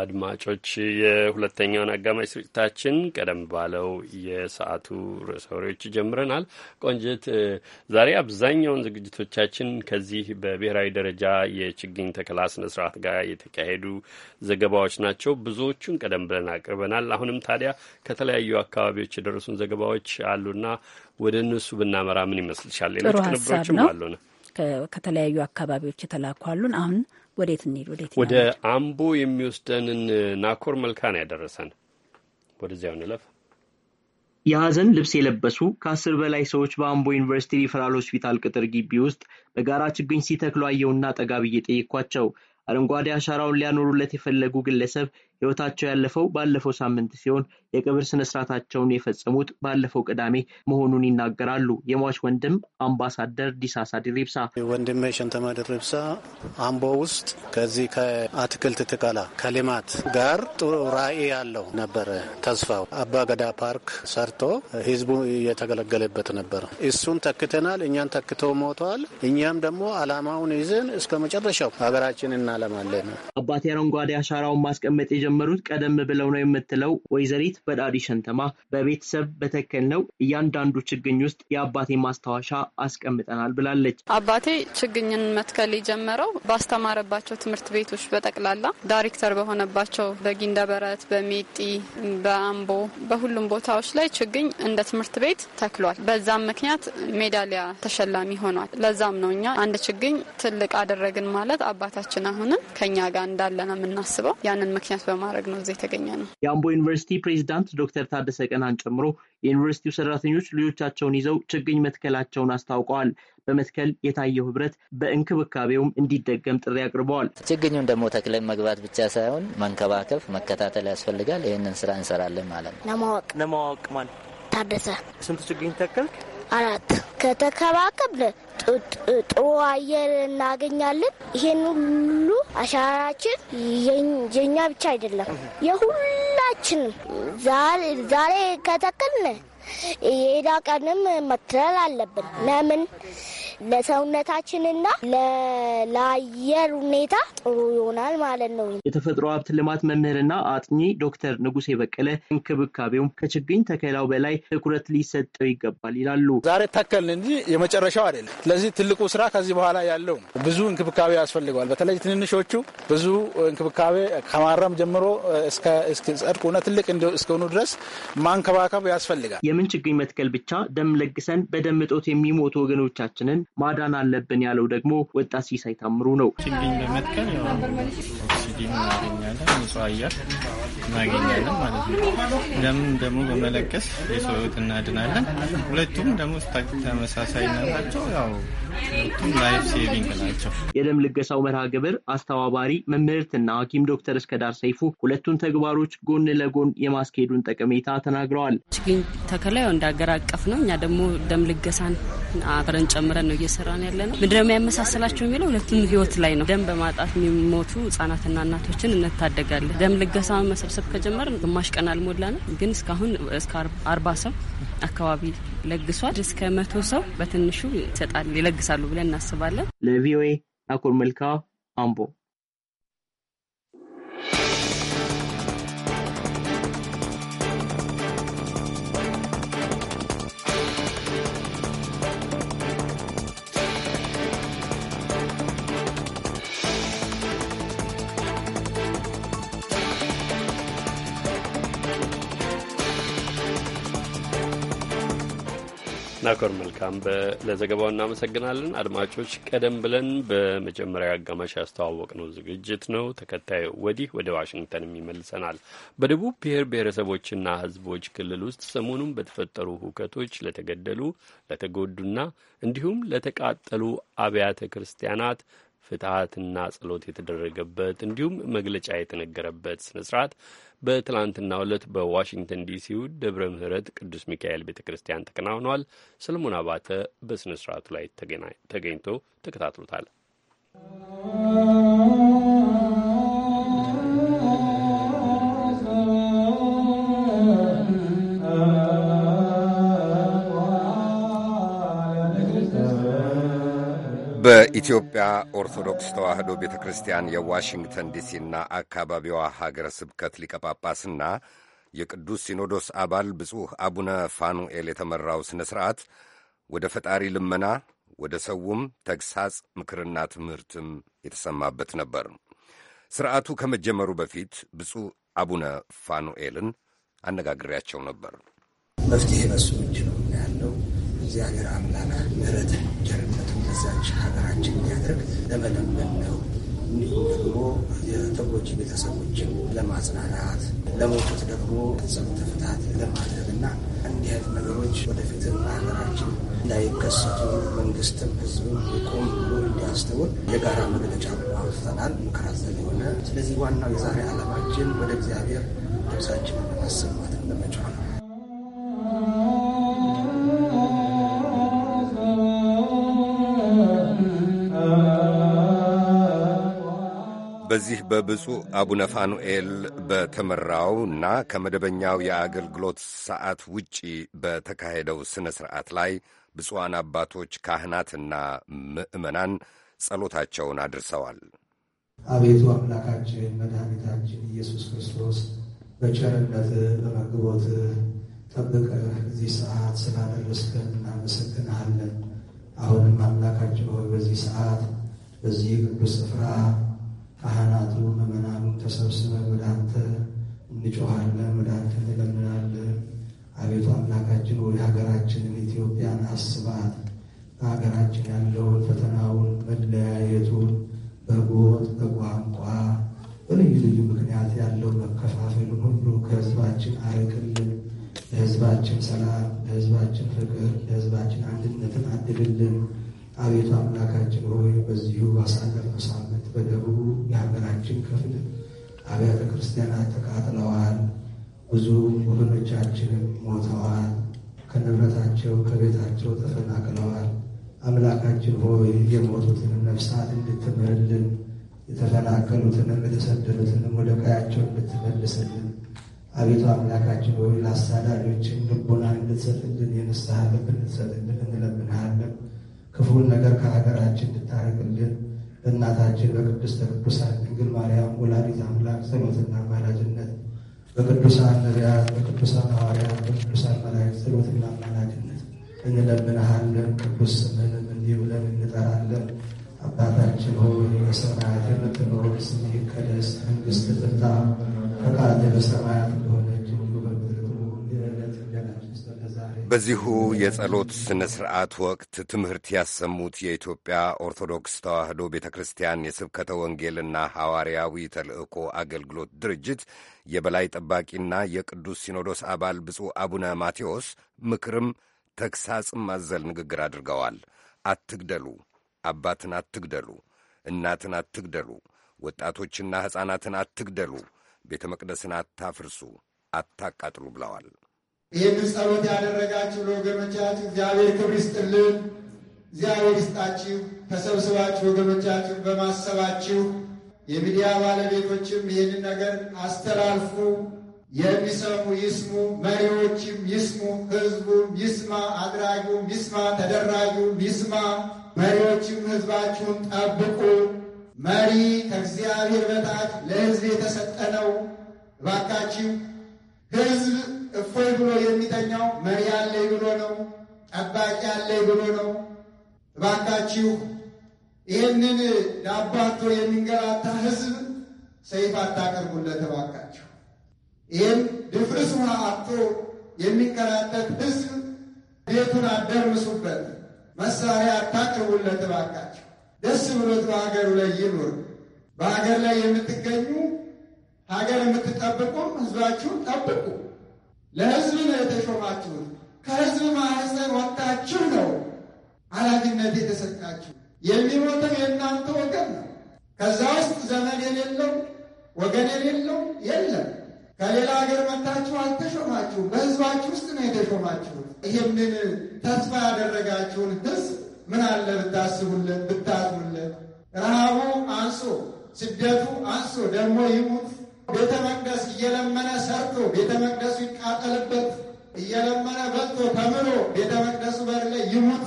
አድማጮች የሁለተኛውን አጋማሽ ስርጭታችን ቀደም ባለው የሰዓቱ ርዕሰ ወሬዎች ጀምረናል። ቆንጅት፣ ዛሬ አብዛኛውን ዝግጅቶቻችን ከዚህ በብሔራዊ ደረጃ የችግኝ ተከላ ስነ ስርዓት ጋር የተካሄዱ ዘገባዎች ናቸው። ብዙዎቹን ቀደም ብለን አቅርበናል። አሁንም ታዲያ ከተለያዩ አካባቢዎች የደረሱን ዘገባዎች አሉና ወደ እነሱ ብናመራ ምን ይመስልሻል? ሌሎች ቅንብሮችም አሉ። ከተለያዩ አካባቢዎች የተላኩ አሉን። አሁን ወዴት እንሄድ? ወዴት ወደ አምቦ የሚወስደንን ናኮር መልካን ያደረሰን ወደዚያው እንለፍ። የሐዘን ልብስ የለበሱ ከአስር በላይ ሰዎች በአምቦ ዩኒቨርሲቲ ሪፈራል ሆስፒታል ቅጥር ግቢ ውስጥ በጋራ ችግኝ ሲተክሉ አየውና ጠጋ ብዬ ጠየኳቸው። አረንጓዴ አሻራውን ሊያኖሩለት የፈለጉ ግለሰብ ህይወታቸው ያለፈው ባለፈው ሳምንት ሲሆን የቅብር ስነስርዓታቸውን የፈጸሙት ባለፈው ቅዳሜ መሆኑን ይናገራሉ። የሟች ወንድም አምባሳደር ዲሳሳ ዲሪብሳ ወንድሜ ሸንተማ ዲሪብሳ አምቦ ውስጥ ከዚህ ከአትክልት ትቀላ ከልማት ጋር ጥሩ ራዕይ ያለው ነበረ። ተስፋው አባ ገዳ ፓርክ ሰርቶ ህዝቡ እየተገለገለበት ነበር። እሱን ተክተናል። እኛን ተክተው ሞተዋል። እኛም ደግሞ አላማውን ይዘን እስከ መጨረሻው ሀገራችን እናለማለን። አባቴ አረንጓዴ አሻራውን ማስቀመጥ የጀመሩት ቀደም ብለው ነው የምትለው ወይዘሪት በዳዲ ሸንተማ በቤተሰብ በተከል ነው እያንዳንዱ ችግኝ ውስጥ የአባቴ ማስታወሻ አስቀምጠናል ብላለች። አባቴ ችግኝን መትከል የጀመረው ባስተማረባቸው ትምህርት ቤቶች በጠቅላላ ዳይሬክተር በሆነባቸው በጊንደበረት በሜጢ፣ በአምቦ በሁሉም ቦታዎች ላይ ችግኝ እንደ ትምህርት ቤት ተክሏል። በዛም ምክንያት ሜዳሊያ ተሸላሚ ሆኗል። ለዛም ነው እኛ አንድ ችግኝ ትልቅ አደረግን ማለት አባታችን አሁንም ከኛ ጋር እንዳለ ነው የምናስበው ያንን ምክንያት ለማድረግ ነው እዚህ የተገኘ ነው። የአምቦ ዩኒቨርሲቲ ፕሬዚዳንት ዶክተር ታደሰ ቀናን ጨምሮ የዩኒቨርሲቲው ሰራተኞች ልጆቻቸውን ይዘው ችግኝ መትከላቸውን አስታውቀዋል። በመትከል የታየው ህብረት በእንክብካቤውም እንዲደገም ጥሪ አቅርበዋል። ችግኙን ደግሞ ተክለን መግባት ብቻ ሳይሆን መንከባከብ፣ መከታተል ያስፈልጋል። ይህንን ስራ እንሰራለን ማለት ነው። ለማወቅ ለማወቅ ማለት ታደሰ ስንት ችግኝ ተከልክ? አራት ከተከባከብን ጥሩ አየር እናገኛለን። ይሄን ሁሉ አሻራችን የኛ ብቻ አይደለም የሁላችንም። ዛሬ ከተከልን የሄዳ ቀንም መትከል አለብን። ለምን ለሰውነታችንና ለአየር ሁኔታ ጥሩ ይሆናል ማለት ነው። የተፈጥሮ ሀብት ልማት መምህርና አጥኚ ዶክተር ንጉሴ በቀለ እንክብካቤውም ከችግኝ ተከላው በላይ ትኩረት ሊሰጠው ይገባል ይላሉ። ዛሬ ተከልን እንጂ የመጨረሻው አይደለም። ስለዚህ ትልቁ ስራ ከዚህ በኋላ ያለው ነው። ብዙ እንክብካቤ ያስፈልገዋል። በተለይ ትንንሾቹ ብዙ እንክብካቤ ከማረም ጀምሮ እስኪጸድቁና ትልቅ እስከሆኑ ድረስ ማንከባከብ ያስፈልጋል። የምን ችግኝ መትከል ብቻ ደም ለግሰን በደም እጦት የሚሞቱ ወገኖቻችንን ማዳን አለብን ያለው ደግሞ ወጣት ሲሳይ ታምሩ ነው። ችግኝ በመትከል ኦክሲጂን እናገኛለን፣ ንጹህ አየር እናገኛለን ማለት ነው። ለምን ደግሞ በመለቀስ የሰው ሕይወት እናድናለን። ሁለቱም ደግሞ ተመሳሳይ ናቸው ያው የደም ልገሳው መርሃ ግብር አስተባባሪ መምህርትና ሐኪም ዶክተር እስከዳር ሰይፉ ሁለቱን ተግባሮች ጎን ለጎን የማስኬዱን ጠቀሜታ ተናግረዋል። ችግኝ ተከላ እንደ ሀገር አቀፍ ነው። እኛ ደግሞ ደም ልገሳን አብረን ጨምረን ነው እየሰራን ያለ ነው። ምንድነው የሚያመሳስላቸው የሚለው ሁለቱም ህይወት ላይ ነው። ደም በማጣት የሚሞቱ ህጻናትና እናቶችን እንታደጋለን። ደም ልገሳ መሰብሰብ ከጀመር ግማሽ ቀን አልሞላንም፣ ግን እስካሁን እስከ አርባ ሰው አካባቢ ለግሷል። እስከ መቶ ሰው በትንሹ ይሰጣል ይለግሳሉ ብለን እናስባለን። ለቪኦኤ አኩር መልካ አምቦ ናኮር መልካም ለዘገባው እናመሰግናለን። አድማጮች፣ ቀደም ብለን በመጀመሪያ አጋማሽ ያስተዋወቅነው ዝግጅት ነው። ተከታዩ ወዲህ ወደ ዋሽንግተንም ይመልሰናል። በደቡብ ብሔር ብሔረሰቦችና ሕዝቦች ክልል ውስጥ ሰሞኑን በተፈጠሩ ሁከቶች ለተገደሉ ለተጎዱና እንዲሁም ለተቃጠሉ አብያተ ክርስቲያናት ፍትሐትና ጸሎት የተደረገበት እንዲሁም መግለጫ የተነገረበት ስነ ስርዓት በትላንትናው ዕለት በዋሽንግተን ዲሲው ደብረ ምሕረት ቅዱስ ሚካኤል ቤተ ክርስቲያን ተከናውኗል። ሰለሞን አባተ በሥነ ሥርዓቱ ላይ ተገኝቶ ተከታትሎታል። በኢትዮጵያ ኦርቶዶክስ ተዋሕዶ ቤተ ክርስቲያን የዋሽንግተን ዲሲና አካባቢዋ ሀገረ ስብከት ሊቀ የቅዱስ ሲኖዶስ አባል ብፁዕ አቡነ ፋኑኤል የተመራው ሥነ ሥርዓት ወደ ፈጣሪ ልመና ወደ ሰውም ተግሳጽ ምክርና ትምህርትም የተሰማበት ነበር። ሥርዓቱ ከመጀመሩ በፊት ብፁዕ አቡነ ፋኑኤልን አነጋግሬያቸው ነበር። መፍትሄ በሱ እጅ ነው ያለው። እግዚአብሔር አምላክ ምሕረት ቸርነቱን በዛች ሀገራችን እንዲያደርግ ለመለመን ነው። እንዲሁም ደግሞ የተጎጂ ቤተሰቦችን ለማጽናናት ለሞቱት ደግሞ ጽም ተፍታት ለማድረግ እና እንዲህ አይነት ነገሮች ወደፊት ሀገራችን እንዳይከሰቱ መንግስትም ህዝብም ቆም ብሎ እንዲያስተውል የጋራ መግለጫ አውጥተናል። ሙከራ አዘል የሆነ ስለዚህ ዋናው የዛሬ ዓላማችን ወደ እግዚአብሔር ልብሳችንን ለማሰማት ለመጫ ነው። በዚህ በብፁዕ አቡነ ፋኑኤል በተመራው እና ከመደበኛው የአገልግሎት ሰዓት ውጪ በተካሄደው ሥነ ሥርዓት ላይ ብፁዓን አባቶች ካህናትና ምዕመናን ጸሎታቸውን አድርሰዋል። አቤቱ አምላካችን መድኃኒታችን ኢየሱስ ክርስቶስ በቸርነት በመግቦት ጠብቀ እዚህ ሰዓት ስላደረስከን እናመሰግንሃለን። አሁንም አምላካችን ሆይ በዚህ ሰዓት በዚህ ቅዱስ ስፍራ ካህናቱ ምዕመናኑ ተሰብስበን ወደ አንተ እንጮሃለን፣ ወደ አንተ እንለምናለን። አቤቱ አምላካችን ወደ ሀገራችንን ኢትዮጵያን አስባት። በሀገራችን ያለውን ፈተናውን፣ መለያየቱን፣ በጎጥ በቋንቋ በልዩ ልዩ ምክንያት ያለው መከፋፈል ሁሉ ከህዝባችን አርቅልን። ለህዝባችን ሰላም፣ ለህዝባችን ፍቅር፣ ለህዝባችን አንድነትን አድልልን። አቤቱ አምላካችን ሆይ በዚሁ ባሳለፍነው ሳምንት በደቡብ የሀገራችን ክፍል አብያተ ክርስቲያናት ተቃጥለዋል። ብዙ ወገኖቻችንም ሞተዋል። ከንብረታቸው ከቤታቸው ተፈናቅለዋል። አምላካችን ሆይ የሞቱትንም ነፍሳት እንድትምርልን የተፈናቀሉትንም የተሰደዱትንም ወደ ቀያቸው እንድትመልስልን አቤቱ አምላካችን ሆይ ለአሳዳጆችን ልቦና እንድትሰጥልን የንስሐ ልብ እንድትሰጥልን እንለምንሃለን። ክፉን ነገር ከሀገራችን እንድታረቅልን በእናታችን በቅድስተ ቅዱሳን ድንግል ማርያም ወላዲተ አምላክ ጸሎትና አማላጅነት በቅዱሳን ነቢያት፣ በቅዱሳን ሐዋርያት፣ በቅዱሳን መላእክት ጸሎትና አማላጅነት እንለምንሃለን። ቅዱስ ስምህንም እንዲህ ብለን እንጠራለን። አባታችን ሆይ በሰማያት የምትኖር ስምህ ይቀደስ፣ መንግስትህ ትምጣ፣ ፈቃድህ በሰማያት በዚሁ የጸሎት ሥነ ሥርዓት ወቅት ትምህርት ያሰሙት የኢትዮጵያ ኦርቶዶክስ ተዋሕዶ ቤተ ክርስቲያን የስብከተ ወንጌልና ሐዋርያዊ ተልእኮ አገልግሎት ድርጅት የበላይ ጠባቂና የቅዱስ ሲኖዶስ አባል ብፁዕ አቡነ ማቴዎስ ምክርም ተግሳጽም አዘል ንግግር አድርገዋል። አትግደሉ፣ አባትን አትግደሉ፣ እናትን አትግደሉ፣ ወጣቶችና ሕፃናትን አትግደሉ፣ ቤተ መቅደስን አታፍርሱ፣ አታቃጥሉ ብለዋል። ይህንን ጸሎት ያደረጋችሁ ለወገኖቻችሁ እግዚአብሔር ክብር ይስጥልን፣ እግዚአብሔር ይስጣችሁ። ተሰብስባችሁ ወገኖቻችሁ በማሰባችሁ የሚዲያ ባለቤቶችም ይህንን ነገር አስተላልፉ። የሚሰሙ ይስሙ፣ መሪዎችም ይስሙ፣ ህዝቡም ይስማ፣ አድራጊውም ይስማ፣ ተደራጊውም ይስማ። መሪዎችም ህዝባችሁን ጠብቁ። መሪ ከእግዚአብሔር በታች ለህዝብ የተሰጠ ነው። እባካችሁ ህዝብ እፎይ ብሎ የሚተኛው መሪ አለኝ ብሎ ነው፣ ጠባቂ አለኝ ብሎ ነው። እባካችሁ ይህንን ለአባቶ የሚንገላታ ህዝብ ሰይፍ አታቅርቡለት። እባካችሁ ይህም ድፍርስ ውሃ አቶ የሚንከራተት ህዝብ ቤቱን አደርምሱበት፣ መሳሪያ አታቅርቡለት። እባካችሁ ደስ ብሎት በሀገሩ ላይ ይኑር። በሀገር ላይ የምትገኙ ሀገር የምትጠብቁም ህዝባችሁ ጠብቁ። ለህዝብ ነው የተሾማችሁት። ከህዝብ ማህፀን ወጥታችሁ ነው ኃላፊነት የተሰጣችሁ። የሚሞተው የእናንተ ወገን ነው። ከዛ ውስጥ ዘመን የሌለው ወገን የሌለው የለም። ከሌላ ሀገር መታችሁ አልተሾማችሁ፣ በህዝባችሁ ውስጥ ነው የተሾማችሁት። ይህንን ተስፋ ያደረጋችሁን ህዝብ ምን አለ ብታስቡለት፣ ብታዝኑለት። ረሃቡ አንሶ፣ ስደቱ አንሶ ደግሞ ይሙት ቤተ መቅደስ እየለመነ ሰርቶ ቤተ መቅደሱ ይቃጠልበት እየለመነ በልቶ ተምሮ ቤተ መቅደሱ በር ላይ ይሙት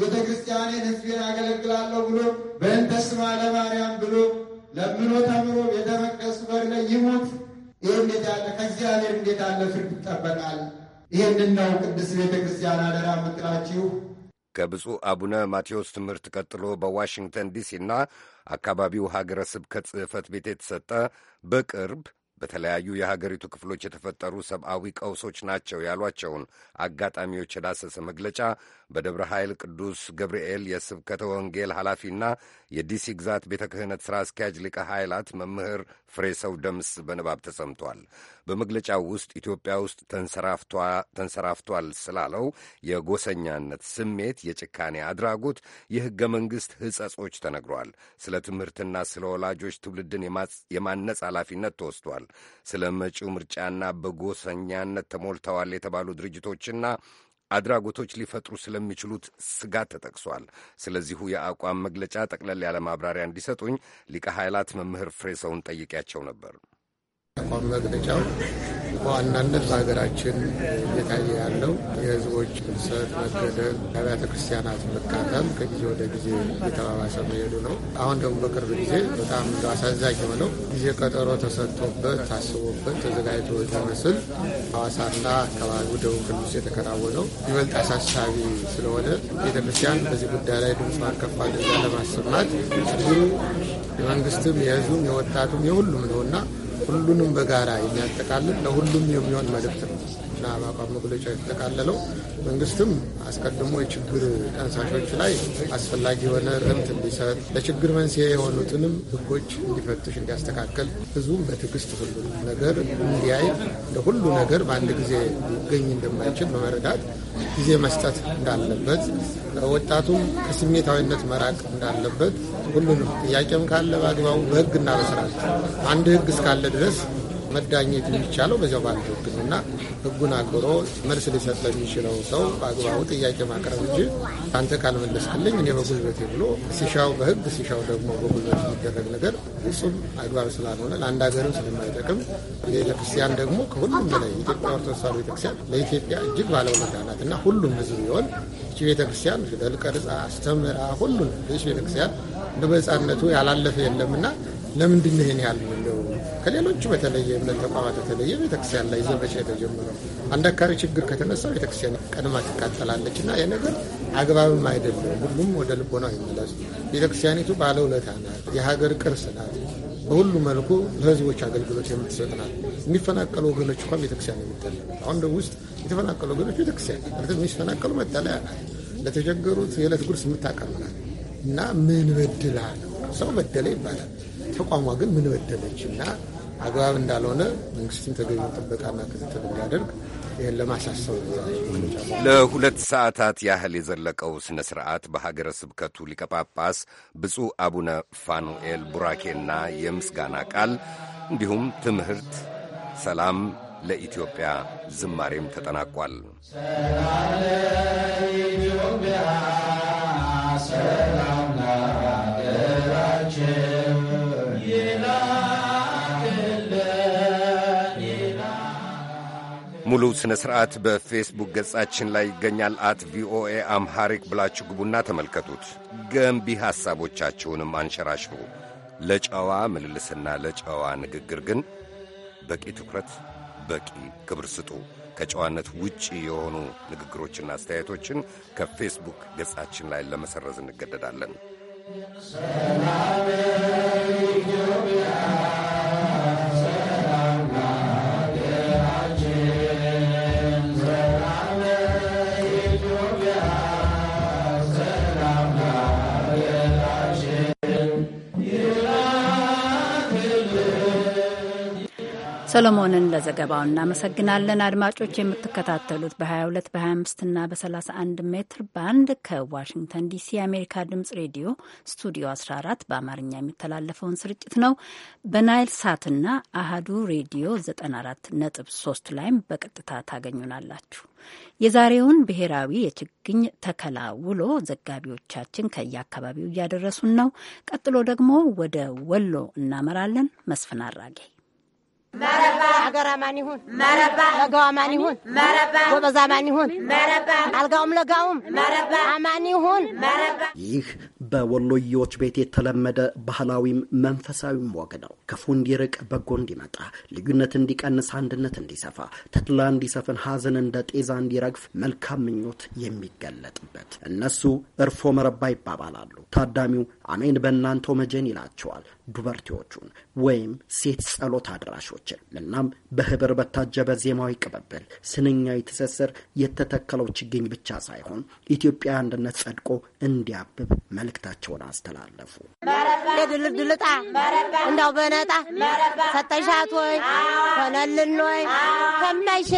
ቤተ ክርስቲያኔን ሕዝቤን አገለግላለሁ ብሎ በእንተ ስማ ለማርያም ብሎ ለምኖ ተምሮ ቤተ መቅደሱ በር ላይ ይሙት። ይህ እንዴት ያለ ከእግዚአብሔር እንዴት ያለ ፍርድ ይጠበቃል? ይህንን ነው ቅዱስ ቤተ ክርስቲያን አደራ የምትላችሁ? ከብፁዕ አቡነ ማቴዎስ ትምህርት ቀጥሎ በዋሽንግተን ዲሲ እና አካባቢው ሀገረ ስብከት ጽሕፈት ቤት የተሰጠ በቅርብ በተለያዩ የሀገሪቱ ክፍሎች የተፈጠሩ ሰብአዊ ቀውሶች ናቸው ያሏቸውን አጋጣሚዎች የዳሰሰ መግለጫ በደብረ ኃይል ቅዱስ ገብርኤል የስብከተ ወንጌል ኃላፊና የዲሲ ግዛት ቤተ ክህነት ሥራ አስኪያጅ ሊቀ ኃይላት መምህር ፍሬሰው ደምስ በንባብ ተሰምቷል። በመግለጫው ውስጥ ኢትዮጵያ ውስጥ ተንሰራፍቷል ስላለው የጎሰኛነት ስሜት፣ የጭካኔ አድራጎት፣ የሕገ መንግሥት ሕጸጾች ተነግሯል። ስለ ትምህርትና ስለ ወላጆች ትውልድን የማነጽ ኃላፊነት ተወስዷል። ስለ መጪው ምርጫና በጎሰኛነት ተሞልተዋል የተባሉ ድርጅቶችና አድራጎቶች ሊፈጥሩ ስለሚችሉት ስጋት ተጠቅሷል። ስለዚሁ የአቋም መግለጫ ጠቅለል ያለ ማብራሪያ እንዲሰጡኝ ሊቀ ኃይላት መምህር ፍሬ ሰውን ጠይቄያቸው ነበር። አቋም መግለጫው በዋናነት በሀገራችን እየታየ ያለው የህዝቦች ፍልሰት፣ መገደል፣ አብያተ ክርስቲያናት መቃጠል ከጊዜ ወደ ጊዜ እየተባባሰ መሄዱ ነው። አሁን ደግሞ በቅርብ ጊዜ በጣም አሳዛኝ የሆነው ጊዜ ቀጠሮ ተሰጥቶበት ታስቦበት ተዘጋጅቶ የሚመስል ሐዋሳና አካባቢው ደቡብ ክልል የተከናወነው ይበልጥ አሳሳቢ ስለሆነ ቤተ ክርስቲያን በዚህ ጉዳይ ላይ ድምፅ ከፍ አድርጋ ለማሰማት ችግሩ የመንግስትም የሕዝቡም የወጣቱም የሁሉም ነውና ሁሉንም በጋራ የሚያጠቃልል ለሁሉም የሚሆን መልእክት ነው። መግለጫና በአቋም መግለጫ የተጠቃለለው መንግስትም አስቀድሞ የችግር ጠንሳሾች ላይ አስፈላጊ የሆነ እርምት እንዲሰጥ ለችግር መንስኤ የሆኑትንም ህጎች እንዲፈትሽ እንዲያስተካከል፣ ህዝቡም በትዕግስት ሁሉ ነገር እንዲያይ ለሁሉ ነገር በአንድ ጊዜ ሊገኝ እንደማይችል በመረዳት ጊዜ መስጠት እንዳለበት፣ ወጣቱም ከስሜታዊነት መራቅ እንዳለበት ሁሉንም ጥያቄም ካለ በአግባቡ በህግና በስርዓት አንድ ህግ እስካለ ድረስ መዳኘት የሚቻለው በዚያው በአንድ ህግ ነው እና ህጉን አክብሮ መልስ ሊሰጥ ለሚችለው ሰው በአግባቡ ጥያቄ ማቅረብ እንጂ አንተ ካልመለስክልኝ እኔ በጉልበቴ ብሎ ሲሻው በህግ ሲሻው ደግሞ በጉልበት የሚደረግ ነገር ፍጹም አግባብ ስላልሆነ ለአንድ ሀገርም ስለማይጠቅም ቤተክርስቲያን ደግሞ ከሁሉም በላይ ኢትዮጵያ ኦርቶዶክስ ቤተክርስቲያን ለኢትዮጵያ እጅግ ባለውለታ ናት እና ሁሉም ህዝብ ቢሆን ይቺ ቤተክርስቲያን ፊደል ቀርጻ አስተምራ ሁሉን ቤተክርስቲያን እንደ በህፃነቱ ያላለፈ የለምና ለምንድን ይህን ያህል ከሌሎቹ በተለየ እምነት ተቋማት በተለየ ቤተክርስቲያን ላይ ዘመቻ የተጀመረው አንድ አካባቢ ችግር ከተነሳ ቤተክርስቲያን ቀድማ ትቃጠላለች እና ይህ ነገር አግባብም አይደለም። ሁሉም ወደ ልቦናው ይመለስ። ቤተክርስቲያኒቱ ባለውለታ ናት፣ የሀገር ቅርስ ናት። በሁሉ መልኩ ለህዝቦች አገልግሎት የምትሰጥ ናት። የሚፈናቀሉ ወገኖች እንኳን ቤተክርስቲያን የሚጠለ አሁን ውስጥ የተፈናቀሉ ወገኖች ቤተክርስቲያን ማለት የሚፈናቀሉ መጠለያ ናት። ለተቸገሩት የዕለት ጉርስ የምታቀርብ ናት እና ምን በድላ ነው ሰው በደለ ይባላል። ተቋሟ ግን ምን በደለች እና አግባብ እንዳልሆነ መንግስትም ተገቢውን ጥበቃና ክትትል እንዲያደርግ ይህን ለማሳሰብ ለሁለት ሰዓታት ያህል የዘለቀው ስነ ስርዓት በሀገረ ስብከቱ ሊቀጳጳስ ጳጳስ ብፁዕ አቡነ ፋኑኤል ቡራኬና የምስጋና ቃል እንዲሁም ትምህርት ሰላም ለኢትዮጵያ ዝማሬም ተጠናቋል። ሰላም ለኢትዮጵያ ሰላም ሙሉ ሥነ ሥርዓት በፌስቡክ ገጻችን ላይ ይገኛል። አት ቪኦኤ አምሃሪክ ብላችሁ ግቡና ተመልከቱት። ገንቢ ሐሳቦቻችሁንም አንሸራሽሩ። ለጨዋ ምልልስና ለጨዋ ንግግር ግን በቂ ትኩረት፣ በቂ ክብር ስጡ። ከጨዋነት ውጪ የሆኑ ንግግሮችና አስተያየቶችን ከፌስቡክ ገጻችን ላይ ለመሰረዝ እንገደዳለን። ሰሎሞንን ለዘገባው እናመሰግናለን። አድማጮች የምትከታተሉት በ22 በ25 እና በ31 ሜትር ባንድ ከዋሽንግተን ዲሲ የአሜሪካ ድምጽ ሬዲዮ ስቱዲዮ 14 በአማርኛ የሚተላለፈውን ስርጭት ነው። በናይል ሳትና አህዱ ሬዲዮ 94 ነጥብ 3 ላይም በቀጥታ ታገኙናላችሁ። የዛሬውን ብሔራዊ የችግኝ ተከላ ውሎ ዘጋቢዎቻችን ከየአካባቢው እያደረሱን ነው። ቀጥሎ ደግሞ ወደ ወሎ እናመራለን። መስፍን አራጌ መረባ አገራ ማን ይሁን መረባ ለጋዋ ማን ይሁን መረባ ጎበዛ ማን ይሁን መረባ አልጋውም ለጋውም መረባ አማን ይሁን መረባ። ይህ በወሎዬዎች ቤት የተለመደ ባህላዊም መንፈሳዊም ወግ ነው። ክፉ እንዲርቅ በጎ እንዲመጣ፣ ልዩነት እንዲቀንስ፣ አንድነት እንዲሰፋ፣ ተድላ እንዲሰፍን፣ ሀዘን እንደ ጤዛ እንዲረግፍ፣ መልካም ምኞት የሚገለጥበት እነሱ እርፎ መረባ ይባባላሉ። ታዳሚው አሜን በእናንተው መጀን ይላቸዋል ዱበርቴዎቹን ወይም ሴት ጸሎት አድራሾች ችግሮችን እናም በህብር በታጀበ ዜማዊ ቅብብል ስንኛዊ ትስስር የተተከለው ችግኝ ብቻ ሳይሆን ኢትዮጵያ አንድነት ጸድቆ እንዲያብብ መልእክታቸውን አስተላለፉ። ድልድልጣ እንዳው በነጣ ሰጠሻት ወይ ሆነልን ወይ ከመሽ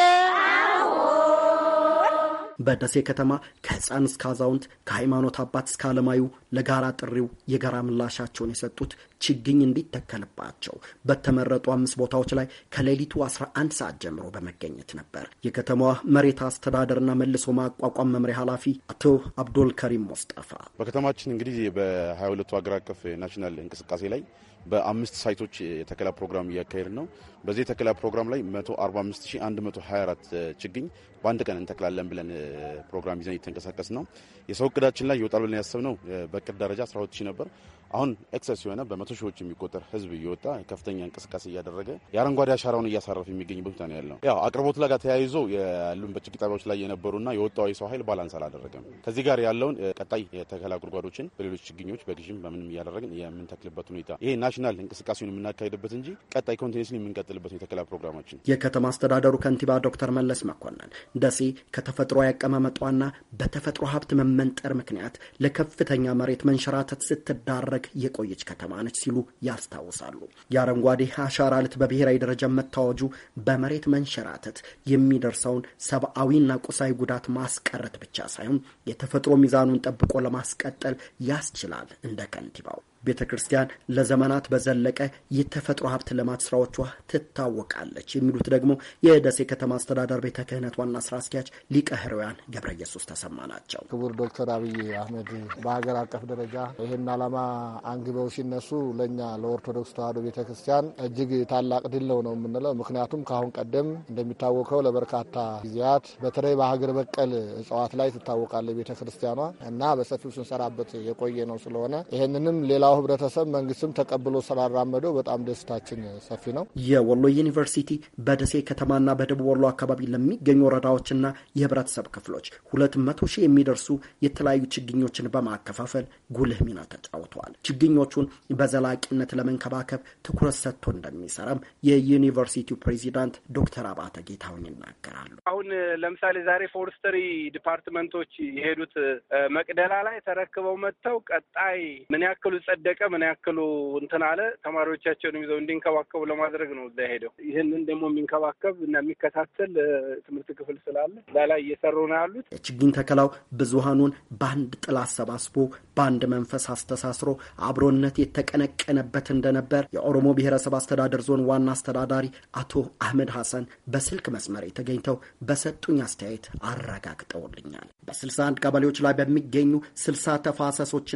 በደሴ ከተማ ከህፃን እስከ አዛውንት ከሃይማኖት አባት እስከ አለማዩ ለጋራ ጥሪው የጋራ ምላሻቸውን የሰጡት ችግኝ እንዲተከልባቸው በተመረጡ አምስት ቦታዎች ላይ ከሌሊቱ 11 ሰዓት ጀምሮ በመገኘት ነበር። የከተማዋ መሬት አስተዳደርና መልሶ ማቋቋም መምሪያ ኃላፊ አቶ አብዶል ከሪም ሞስጠፋ በከተማችን እንግዲህ በ22ቱ ሀገር አቀፍ ናሽናል እንቅስቃሴ ላይ በአምስት ሳይቶች የተከላ ፕሮግራም እያካሄድ ነው። በዚህ የተከላ ፕሮግራም ላይ 145124 ችግኝ በአንድ ቀን እንተክላለን ብለን ፕሮግራም ይዘን እየተንቀሳቀስ ነው። የሰው እቅዳችን ላይ ይወጣል ብለን ያሰብነው በቅድ ደረጃ 12 ነበር። አሁን ኤክሰስ የሆነ በመቶ ሺዎች የሚቆጠር ህዝብ እየወጣ ከፍተኛ እንቅስቃሴ እያደረገ የአረንጓዴ አሻራውን እያሳረፍ የሚገኝበት ሁኔታ ነው ያለው። ያው አቅርቦት ላይ ጋር ተያይዞ ያሉን በችግኝ ጣቢያዎች ላይ የነበሩና የወጣው የሰው ኃይል ባላንስ አላደረገም። ከዚህ ጋር ያለውን ቀጣይ የተከላ ጉድጓዶችን በሌሎች ችግኞች በግዥም በምንም እያደረግን የምንተክልበት ሁኔታ ይሄ ናሽናል እንቅስቃሴውን የምናካሄድበት እንጂ ቀጣይ ኮንቲኒስ የምንቀጥልበት የተከላ ፕሮግራማችን። የከተማ አስተዳደሩ ከንቲባ ዶክተር መለስ መኮንን ደሴ ከተፈጥሮ ያቀማመጧና በተፈጥሮ ሀብት መመንጠር ምክንያት ለከፍተኛ መሬት መንሸራተት ስትዳረግ ስትዘረግ የቆየች ከተማ ነች ሲሉ ያስታውሳሉ። የአረንጓዴ አሻራ ልት በብሔራዊ ደረጃ መታወጁ በመሬት መንሸራተት የሚደርሰውን ሰብአዊና ቁሳዊ ጉዳት ማስቀረት ብቻ ሳይሆን የተፈጥሮ ሚዛኑን ጠብቆ ለማስቀጠል ያስችላል እንደ ከንቲባው ቤተ ክርስቲያን ለዘመናት በዘለቀ የተፈጥሮ ሀብት ልማት ስራዎቿ ትታወቃለች የሚሉት ደግሞ የደሴ ከተማ አስተዳደር ቤተ ክህነት ዋና ስራ አስኪያጅ ሊቀ ሕሩያን ገብረ ኢየሱስ ተሰማ ናቸው። ክቡር ዶክተር አብይ አህመድ በሀገር አቀፍ ደረጃ ይህን ዓላማ አንግበው ሲነሱ ለእኛ ለኦርቶዶክስ ተዋሕዶ ቤተ ክርስቲያን እጅግ ታላቅ ድል ነው ነው የምንለው። ምክንያቱም ከአሁን ቀደም እንደሚታወቀው ለበርካታ ጊዜያት በተለይ በሀገር በቀል እጽዋት ላይ ትታወቃለች ቤተ ክርስቲያኗ እና በሰፊው ስንሰራበት የቆየ ነው ስለሆነ ይህንንም ሌላው ሌላው ህብረተሰብ መንግስትም ተቀብሎ ስላራመደው በጣም ደስታችን ሰፊ ነው። የወሎ ዩኒቨርሲቲ በደሴ ከተማና በደቡብ ወሎ አካባቢ ለሚገኙ ወረዳዎችና የህብረተሰብ ክፍሎች ሁለት መቶ ሺህ የሚደርሱ የተለያዩ ችግኞችን በማከፋፈል ጉልህ ሚና ተጫውተዋል። ችግኞቹን በዘላቂነት ለመንከባከብ ትኩረት ሰጥቶ እንደሚሰራም የዩኒቨርሲቲው ፕሬዚዳንት ዶክተር አባተ ጌታሁን ይናገራሉ። አሁን ለምሳሌ ዛሬ ፎረስተሪ ዲፓርትመንቶች የሄዱት መቅደላ ላይ ተረክበው መጥተው ቀጣይ ምን ያክሉ ጸድ ወደቀ፣ ምን ያክሉ እንትን አለ፣ ተማሪዎቻቸውን ይዘው እንዲንከባከቡ ለማድረግ ነው እዛ ሄደው። ይህንን ደግሞ የሚንከባከብ እና የሚከታተል ትምህርት ክፍል ስላለ እዛ ላይ እየሰሩ ነው ያሉት። የችግኝ ተከላው ብዙሀኑን በአንድ ጥላ አሰባስቦ በአንድ መንፈስ አስተሳስሮ አብሮነት የተቀነቀነበት እንደነበር የኦሮሞ ብሔረሰብ አስተዳደር ዞን ዋና አስተዳዳሪ አቶ አህመድ ሐሰን በስልክ መስመር ተገኝተው በሰጡኝ አስተያየት አረጋግጠውልኛል። በ61 ቀበሌዎች ላይ በሚገኙ 60 ተፋሰሶችና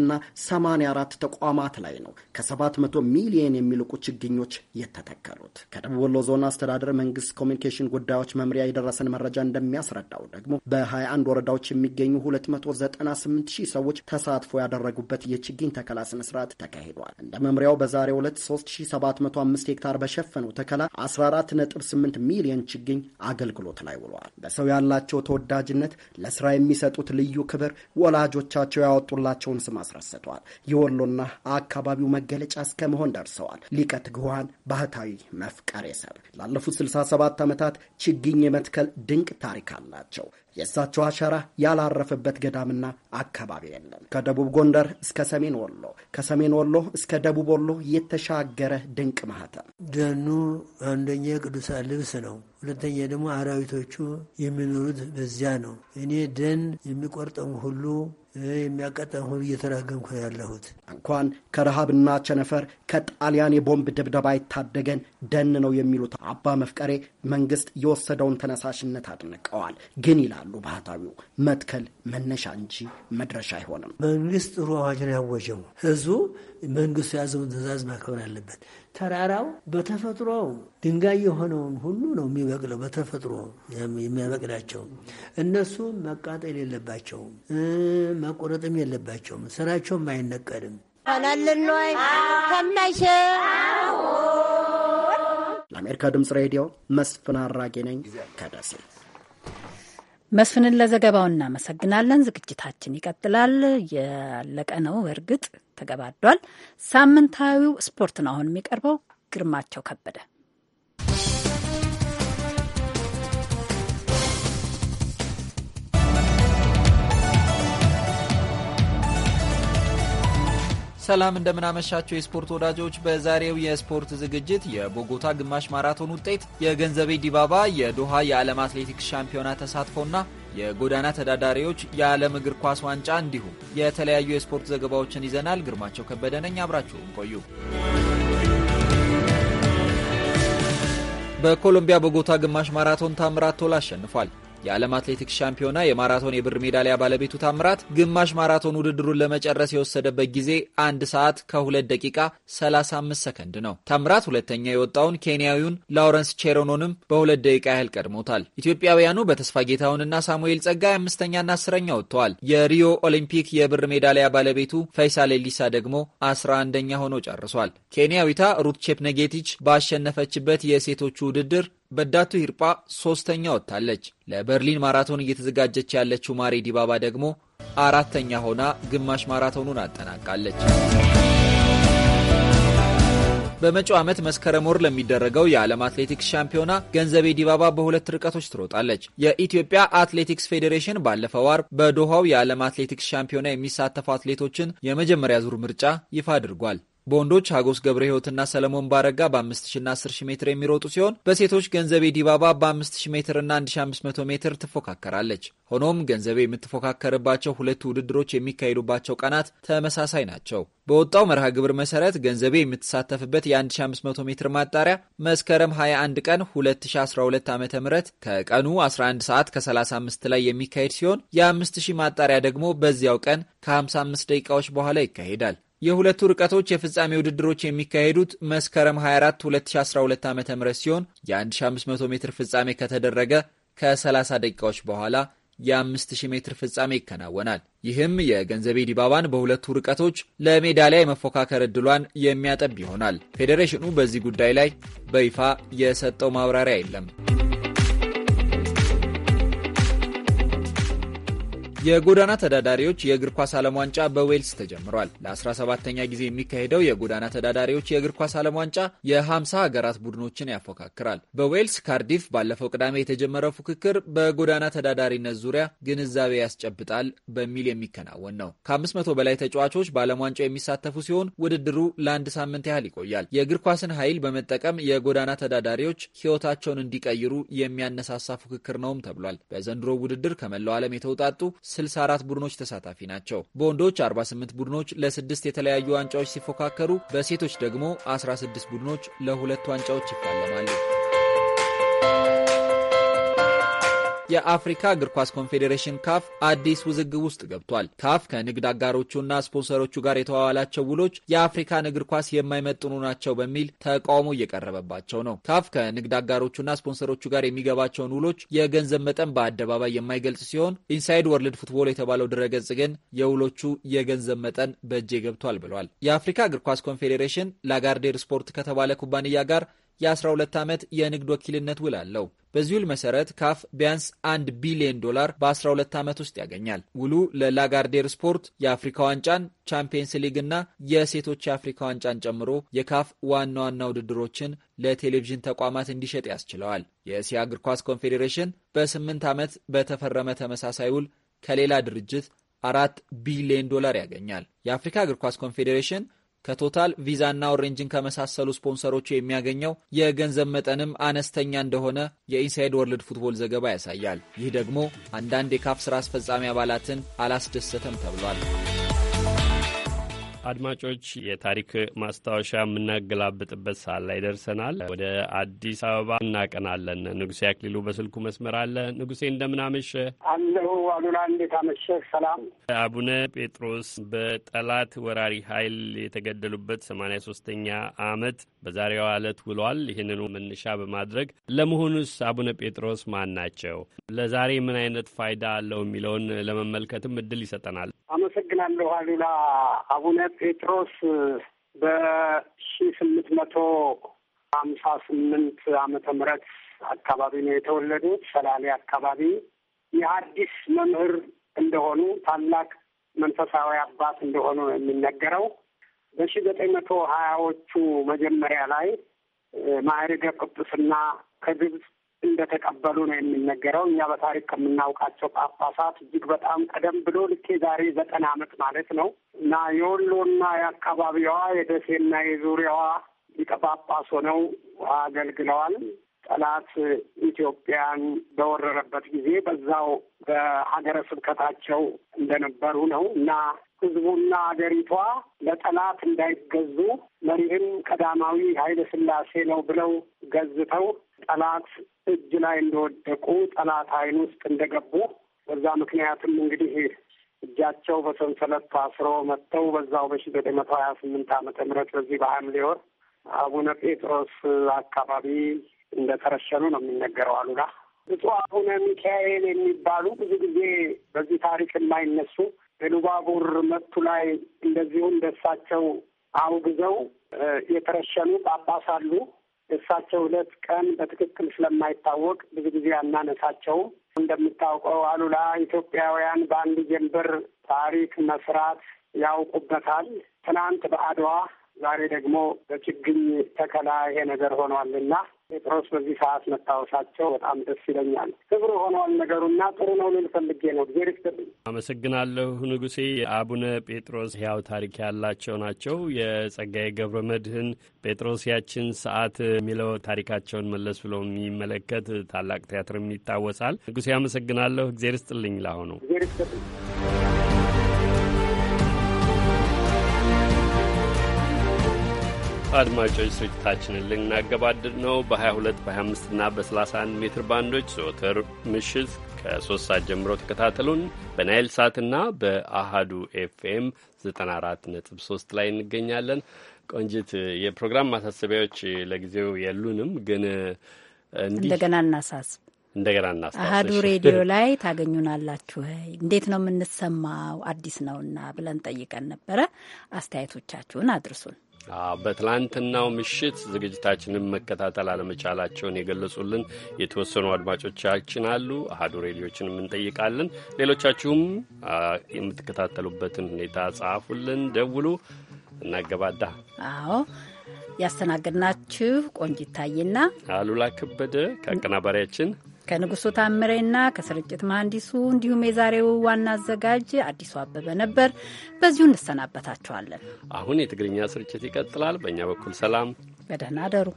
84 ተቋማ ልማት ላይ ነው ከ700 ሚሊየን የሚልቁ ችግኞች የተተከሉት። ከደቡብ ወሎ ዞን አስተዳደር መንግስት ኮሚኒኬሽን ጉዳዮች መምሪያ የደረሰን መረጃ እንደሚያስረዳው ደግሞ በ21 ወረዳዎች የሚገኙ 298 ሺህ ሰዎች ተሳትፎ ያደረጉበት የችግኝ ተከላ ስነስርዓት ተካሂዷል። እንደ መምሪያው በዛሬው ዕለት 3705 ሄክታር በሸፈነው ተከላ 148 ሚሊዮን ችግኝ አገልግሎት ላይ ውሏል። በሰው ያላቸው ተወዳጅነት፣ ለስራ የሚሰጡት ልዩ ክብር ወላጆቻቸው ያወጡላቸውን ስም አስረስተዋል። የወሎና አካባቢው መገለጫ እስከ መሆን ደርሰዋል። ሊቀ ትጉሃን ባህታዊ መፍቀሬ ሰብ ላለፉት 67 ዓመታት ችግኝ የመትከል ድንቅ ታሪክ አላቸው። የእሳቸው አሻራ ያላረፈበት ገዳምና አካባቢ የለም። ከደቡብ ጎንደር እስከ ሰሜን ወሎ፣ ከሰሜን ወሎ እስከ ደቡብ ወሎ የተሻገረ ድንቅ ማህተም። ደኑ አንደኛ የቅዱሳን ልብስ ነው። ሁለተኛ ደግሞ አራዊቶቹ የሚኖሩት በዚያ ነው። እኔ ደን የሚቆርጠው ሁሉ የሚያቀጠም ሁሉ እየተራገምኩ ያለሁት እንኳን ከረሃብና ቸነፈር ከጣሊያን የቦምብ ድብደባ የታደገን ደን ነው የሚሉት አባ መፍቀሬ መንግስት የወሰደውን ተነሳሽነት አድንቀዋል። ግን ይላሉ ይላሉ ባህታዊው። መትከል መነሻ እንጂ መድረሻ አይሆንም። መንግስት ጥሩ አዋጅን ያወጀው ህዝቡ መንግስቱ የያዘውን ትእዛዝ ማክበር አለበት። ተራራው በተፈጥሮ ድንጋይ የሆነውን ሁሉ ነው የሚበቅለው። በተፈጥሮ የሚያበቅላቸው እነሱ መቃጠል የለባቸውም፣ መቆረጥም የለባቸውም። ስራቸውም አይነቀድም። ሆናልንይ ከመሸ ለአሜሪካ ድምፅ ሬዲዮ መስፍን አራጌ ነኝ ከደሴ። መስፍንን ለዘገባው እናመሰግናለን። ዝግጅታችን ይቀጥላል። ያለቀ ነው እርግጥ ተገባዷል። ሳምንታዊው ስፖርት ነው አሁን የሚቀርበው። ግርማቸው ከበደ ሰላም እንደምናመሻቸው የስፖርት ወዳጆች፣ በዛሬው የስፖርት ዝግጅት የቦጎታ ግማሽ ማራቶን ውጤት፣ የገንዘቤ ዲባባ የዶሃ የዓለም አትሌቲክስ ሻምፒዮና ተሳትፎና የጎዳና ተዳዳሪዎች የዓለም እግር ኳስ ዋንጫ እንዲሁም የተለያዩ የስፖርት ዘገባዎችን ይዘናል። ግርማቸው ከበደ ነኝ። አብራችሁን ቆዩ። በኮሎምቢያ ቦጎታ ግማሽ ማራቶን ታምራት ቶላ አሸንፏል። የዓለም አትሌቲክስ ሻምፒዮና የማራቶን የብር ሜዳሊያ ባለቤቱ ታምራት ግማሽ ማራቶን ውድድሩን ለመጨረስ የወሰደበት ጊዜ አንድ ሰዓት ከ2 ደቂቃ 35 ሰከንድ ነው። ታምራት ሁለተኛ የወጣውን ኬንያዊውን ላውረንስ ቼሮኖንም በሁለት ደቂቃ ያህል ቀድሞታል። ኢትዮጵያውያኑ በተስፋ ጌታውንና ሳሙኤል ጸጋይ አምስተኛና አስረኛ ወጥተዋል። የሪዮ ኦሊምፒክ የብር ሜዳሊያ ባለቤቱ ፈይሳ ሌሊሳ ደግሞ 11ኛ ሆኖ ጨርሷል። ኬንያዊታ ሩት ቼፕነጌቲች ባሸነፈችበት የሴቶቹ ውድድር በዳቱ ሂርጳ ሶስተኛ ወጥታለች። ለበርሊን ማራቶን እየተዘጋጀች ያለችው ማሪ ዲባባ ደግሞ አራተኛ ሆና ግማሽ ማራቶኑን አጠናቃለች። በመጪው ዓመት መስከረም ወር ለሚደረገው የዓለም አትሌቲክስ ሻምፒዮና ገንዘቤ ዲባባ በሁለት ርቀቶች ትሮጣለች። የኢትዮጵያ አትሌቲክስ ፌዴሬሽን ባለፈው አርብ በዶሃው የዓለም አትሌቲክስ ሻምፒዮና የሚሳተፉ አትሌቶችን የመጀመሪያ ዙር ምርጫ ይፋ አድርጓል። በወንዶች ሀጎስ ገብረ ህይወትና ሰለሞን ባረጋ በ5000ና 10000 ሜትር የሚሮጡ ሲሆን በሴቶች ገንዘቤ ዲባባ በ5000 ሜትርና 1500 ሜትር ትፎካከራለች። ሆኖም ገንዘቤ የምትፎካከርባቸው ሁለቱ ውድድሮች የሚካሄዱባቸው ቀናት ተመሳሳይ ናቸው። በወጣው መርሃ ግብር መሰረት ገንዘቤ የምትሳተፍበት የ1500 ሜትር ማጣሪያ መስከረም 21 ቀን 2012 ዓ ም ከቀኑ 11 ሰዓት ከ35 ላይ የሚካሄድ ሲሆን የ5000 ማጣሪያ ደግሞ በዚያው ቀን ከ55 ደቂቃዎች በኋላ ይካሄዳል። የሁለቱ ርቀቶች የፍጻሜ ውድድሮች የሚካሄዱት መስከረም 24 2012 ዓ ም ሲሆን የ1500 ሜትር ፍጻሜ ከተደረገ ከ30 ደቂቃዎች በኋላ የ5000 ሜትር ፍጻሜ ይከናወናል። ይህም የገንዘቤ ዲባባን በሁለቱ ርቀቶች ለሜዳሊያ የመፎካከር ዕድሏን የሚያጠብ ይሆናል። ፌዴሬሽኑ በዚህ ጉዳይ ላይ በይፋ የሰጠው ማብራሪያ የለም። የጎዳና ተዳዳሪዎች የእግር ኳስ ዓለም ዋንጫ በዌልስ ተጀምሯል። 17 ተኛ ጊዜ የሚካሄደው የጎዳና ተዳዳሪዎች የእግር ኳስ ዓለም ዋንጫ የ50 ሀገራት ቡድኖችን ያፎካክራል። በዌልስ ካርዲፍ ባለፈው ቅዳሜ የተጀመረው ፉክክር በጎዳና ተዳዳሪነት ዙሪያ ግንዛቤ ያስጨብጣል በሚል የሚከናወን ነው። ከ500 በላይ ተጫዋቾች በዓለም ዋንጫው የሚሳተፉ ሲሆን ውድድሩ ለአንድ ሳምንት ያህል ይቆያል። የእግር ኳስን ኃይል በመጠቀም የጎዳና ተዳዳሪዎች ሕይወታቸውን እንዲቀይሩ የሚያነሳሳ ፉክክር ነውም ተብሏል። በዘንድሮ ውድድር ከመላው ዓለም የተውጣጡ 64 ቡድኖች ተሳታፊ ናቸው። በወንዶች 48 ቡድኖች ለስድስት የተለያዩ ዋንጫዎች ሲፎካከሩ፣ በሴቶች ደግሞ 16 ቡድኖች ለሁለት ዋንጫዎች ይፋለማሉ። የአፍሪካ እግር ኳስ ኮንፌዴሬሽን ካፍ አዲስ ውዝግብ ውስጥ ገብቷል። ካፍ ከንግድ አጋሮቹና ስፖንሰሮቹ ጋር የተዋዋላቸው ውሎች የአፍሪካን እግር ኳስ የማይመጥኑ ናቸው በሚል ተቃውሞ እየቀረበባቸው ነው። ካፍ ከንግድ አጋሮቹና ስፖንሰሮቹ ጋር የሚገባቸውን ውሎች የገንዘብ መጠን በአደባባይ የማይገልጽ ሲሆን ኢንሳይድ ወርልድ ፉትቦል የተባለው ድረገጽ ግን የውሎቹ የገንዘብ መጠን በእጄ ገብቷል ብሏል። የአፍሪካ እግር ኳስ ኮንፌዴሬሽን ላጋርዴር ስፖርት ከተባለ ኩባንያ ጋር የ12 ዓመት የንግድ ወኪልነት ውል አለው። በዚህ ውል መሰረት ካፍ ቢያንስ አንድ ቢሊዮን ዶላር በ12 ዓመት ውስጥ ያገኛል። ውሉ ለላጋርዴር ስፖርት የአፍሪካ ዋንጫን፣ ቻምፒየንስ ሊግ እና የሴቶች የአፍሪካ ዋንጫን ጨምሮ የካፍ ዋና ዋና ውድድሮችን ለቴሌቪዥን ተቋማት እንዲሸጥ ያስችለዋል። የእስያ እግር ኳስ ኮንፌዴሬሽን በስምንት ዓመት በተፈረመ ተመሳሳይ ውል ከሌላ ድርጅት አራት ቢሊዮን ዶላር ያገኛል። የአፍሪካ እግር ኳስ ኮንፌዴሬሽን ከቶታል ቪዛና ኦሬንጅን ከመሳሰሉ ስፖንሰሮቹ የሚያገኘው የገንዘብ መጠንም አነስተኛ እንደሆነ የኢንሳይድ ወርልድ ፉትቦል ዘገባ ያሳያል። ይህ ደግሞ አንዳንድ የካፍ ስራ አስፈጻሚ አባላትን አላስደሰተም ተብሏል። አድማጮች የታሪክ ማስታወሻ የምናገላብጥበት ሰዓት ላይ ደርሰናል። ወደ አዲስ አበባ እናቀናለን። ንጉሴ አክሊሉ በስልኩ መስመር አለ። ንጉሴ አመሸ? አለሁ። አሉላ እንዴት አመሸ? ሰላም። አቡነ ጴጥሮስ በጠላት ወራሪ ኃይል የተገደሉበት ሰማንያ ሶስተኛ አመት በዛሬዋ ዕለት ውሏል። ይህንኑ መነሻ በማድረግ ለመሆኑስ አቡነ ጴጥሮስ ማን ናቸው? ለዛሬ ምን አይነት ፋይዳ አለው የሚለውን ለመመልከትም እድል ይሰጠናል። አመሰግናለሁ አሉላ። አቡነ ጴጥሮስ በሺ ስምንት መቶ ሀምሳ ስምንት አመተ ምህረት አካባቢ ነው የተወለዱት ሰላሌ አካባቢ የሐዲስ መምህር እንደሆኑ ታላቅ መንፈሳዊ አባት እንደሆኑ የሚነገረው። በሺ ዘጠኝ መቶ ሀያዎቹ መጀመሪያ ላይ ማዕርገ ቅዱስና ከግብፅ እንደተቀበሉ ነው የሚነገረው። እኛ በታሪክ ከምናውቃቸው ጳጳሳት እጅግ በጣም ቀደም ብሎ ልክ ዛሬ ዘጠና ዓመት ማለት ነው እና የወሎና የአካባቢዋ የደሴና የዙሪያዋ ሊቀ ጳጳስ ሆነው አገልግለዋል። ጠላት ኢትዮጵያን በወረረበት ጊዜ በዛው በሀገረ ስብከታቸው እንደነበሩ ነው እና ህዝቡና ሀገሪቷ ለጠላት እንዳይገዙ መሪህም ቀዳማዊ ኃይለ ሥላሴ ነው ብለው ገዝተው ጠላት እጅ ላይ እንደወደቁ ጠላት አይን ውስጥ እንደገቡ በዛ ምክንያትም እንግዲህ እጃቸው በሰንሰለት ታስሮ መጥተው በዛው በሺ ዘጠኝ መቶ ሀያ ስምንት ዓመተ ምህረት በዚህ በሐምሌ ወር አቡነ ጴጥሮስ አካባቢ እንደተረሸኑ ነው የሚነገረው። አሉላ ብፁዕ አቡነ ሚካኤል የሚባሉ ብዙ ጊዜ በዚህ ታሪክ የማይነሱ የሉባቡር መቱ ላይ እንደዚሁ እንደሳቸው አውግዘው የተረሸኑ ጳጳስ አሉ። እሳቸው ዕለት ቀን በትክክል ስለማይታወቅ ብዙ ጊዜ አናነሳቸው። እንደምታውቀው አሉላ ኢትዮጵያውያን በአንድ ጀንበር ታሪክ መስራት ያውቁበታል። ትናንት በአድዋ ዛሬ ደግሞ በችግኝ ተከላ ይሄ ነገር ሆኗልና ጴጥሮስ በዚህ ሰዓት መታወሳቸው በጣም ደስ ይለኛል። ክብር ሆነዋል ነገሩና ጥሩ ነው ልል ፈልጌ ነው። እግዜር ይስጥልኝ። አመሰግናለሁ ንጉሴ። አቡነ ጴጥሮስ ሕያው ታሪክ ያላቸው ናቸው። የጸጋዬ ገብረ መድህን ጴጥሮስ ያችን ሰዓት የሚለው ታሪካቸውን መለስ ብሎ የሚመለከት ታላቅ ቲያትርም ይታወሳል። ንጉሴ አመሰግናለሁ። እግዜር ይስጥልኝ። ላሆኑ እግዜር ይስጥልኝ። አድማጮች ስርጭታችንን ልናገባድድ ነው። በ22 በ25 እና በ31 ሜትር ባንዶች ዘወትር ምሽት ከ ሰዓት ጀምሮ ተከታተሉን። በናይል ሳትና በአሃዱ ኤፍኤም 94.3 ላይ እንገኛለን። ቆንጅት፣ የፕሮግራም ማሳሰቢያዎች ለጊዜው የሉንም፣ ግን እንደገና እናሳስብ እንደገና እናስታውስ። አህዱ ሬዲዮ ላይ ታገኙናላችሁ። እንዴት ነው የምንሰማው? አዲስ ነውና ብለን ጠይቀን ነበረ። አስተያየቶቻችሁን አድርሱን። በትላንትናው ምሽት ዝግጅታችንን መከታተል አለመቻላቸውን የገለጹልን የተወሰኑ አድማጮቻችን አሉ። አሀዱ ሬዲዮችን እንጠይቃለን። ሌሎቻችሁም የምትከታተሉበትን ሁኔታ ጻፉልን፣ ደውሉ። እናገባዳ። አዎ ያስተናገድናችሁ ቆንጂት ታዬና አሉላ ከበደ ከአቀናባሪያችን ከንጉሱ ታምሬና ከስርጭት መሐንዲሱ እንዲሁም የዛሬው ዋና አዘጋጅ አዲሱ አበበ ነበር። በዚሁ እንሰናበታችኋለን። አሁን የትግርኛ ስርጭት ይቀጥላል። በእኛ በኩል ሰላም፣ በደህና አደሩ።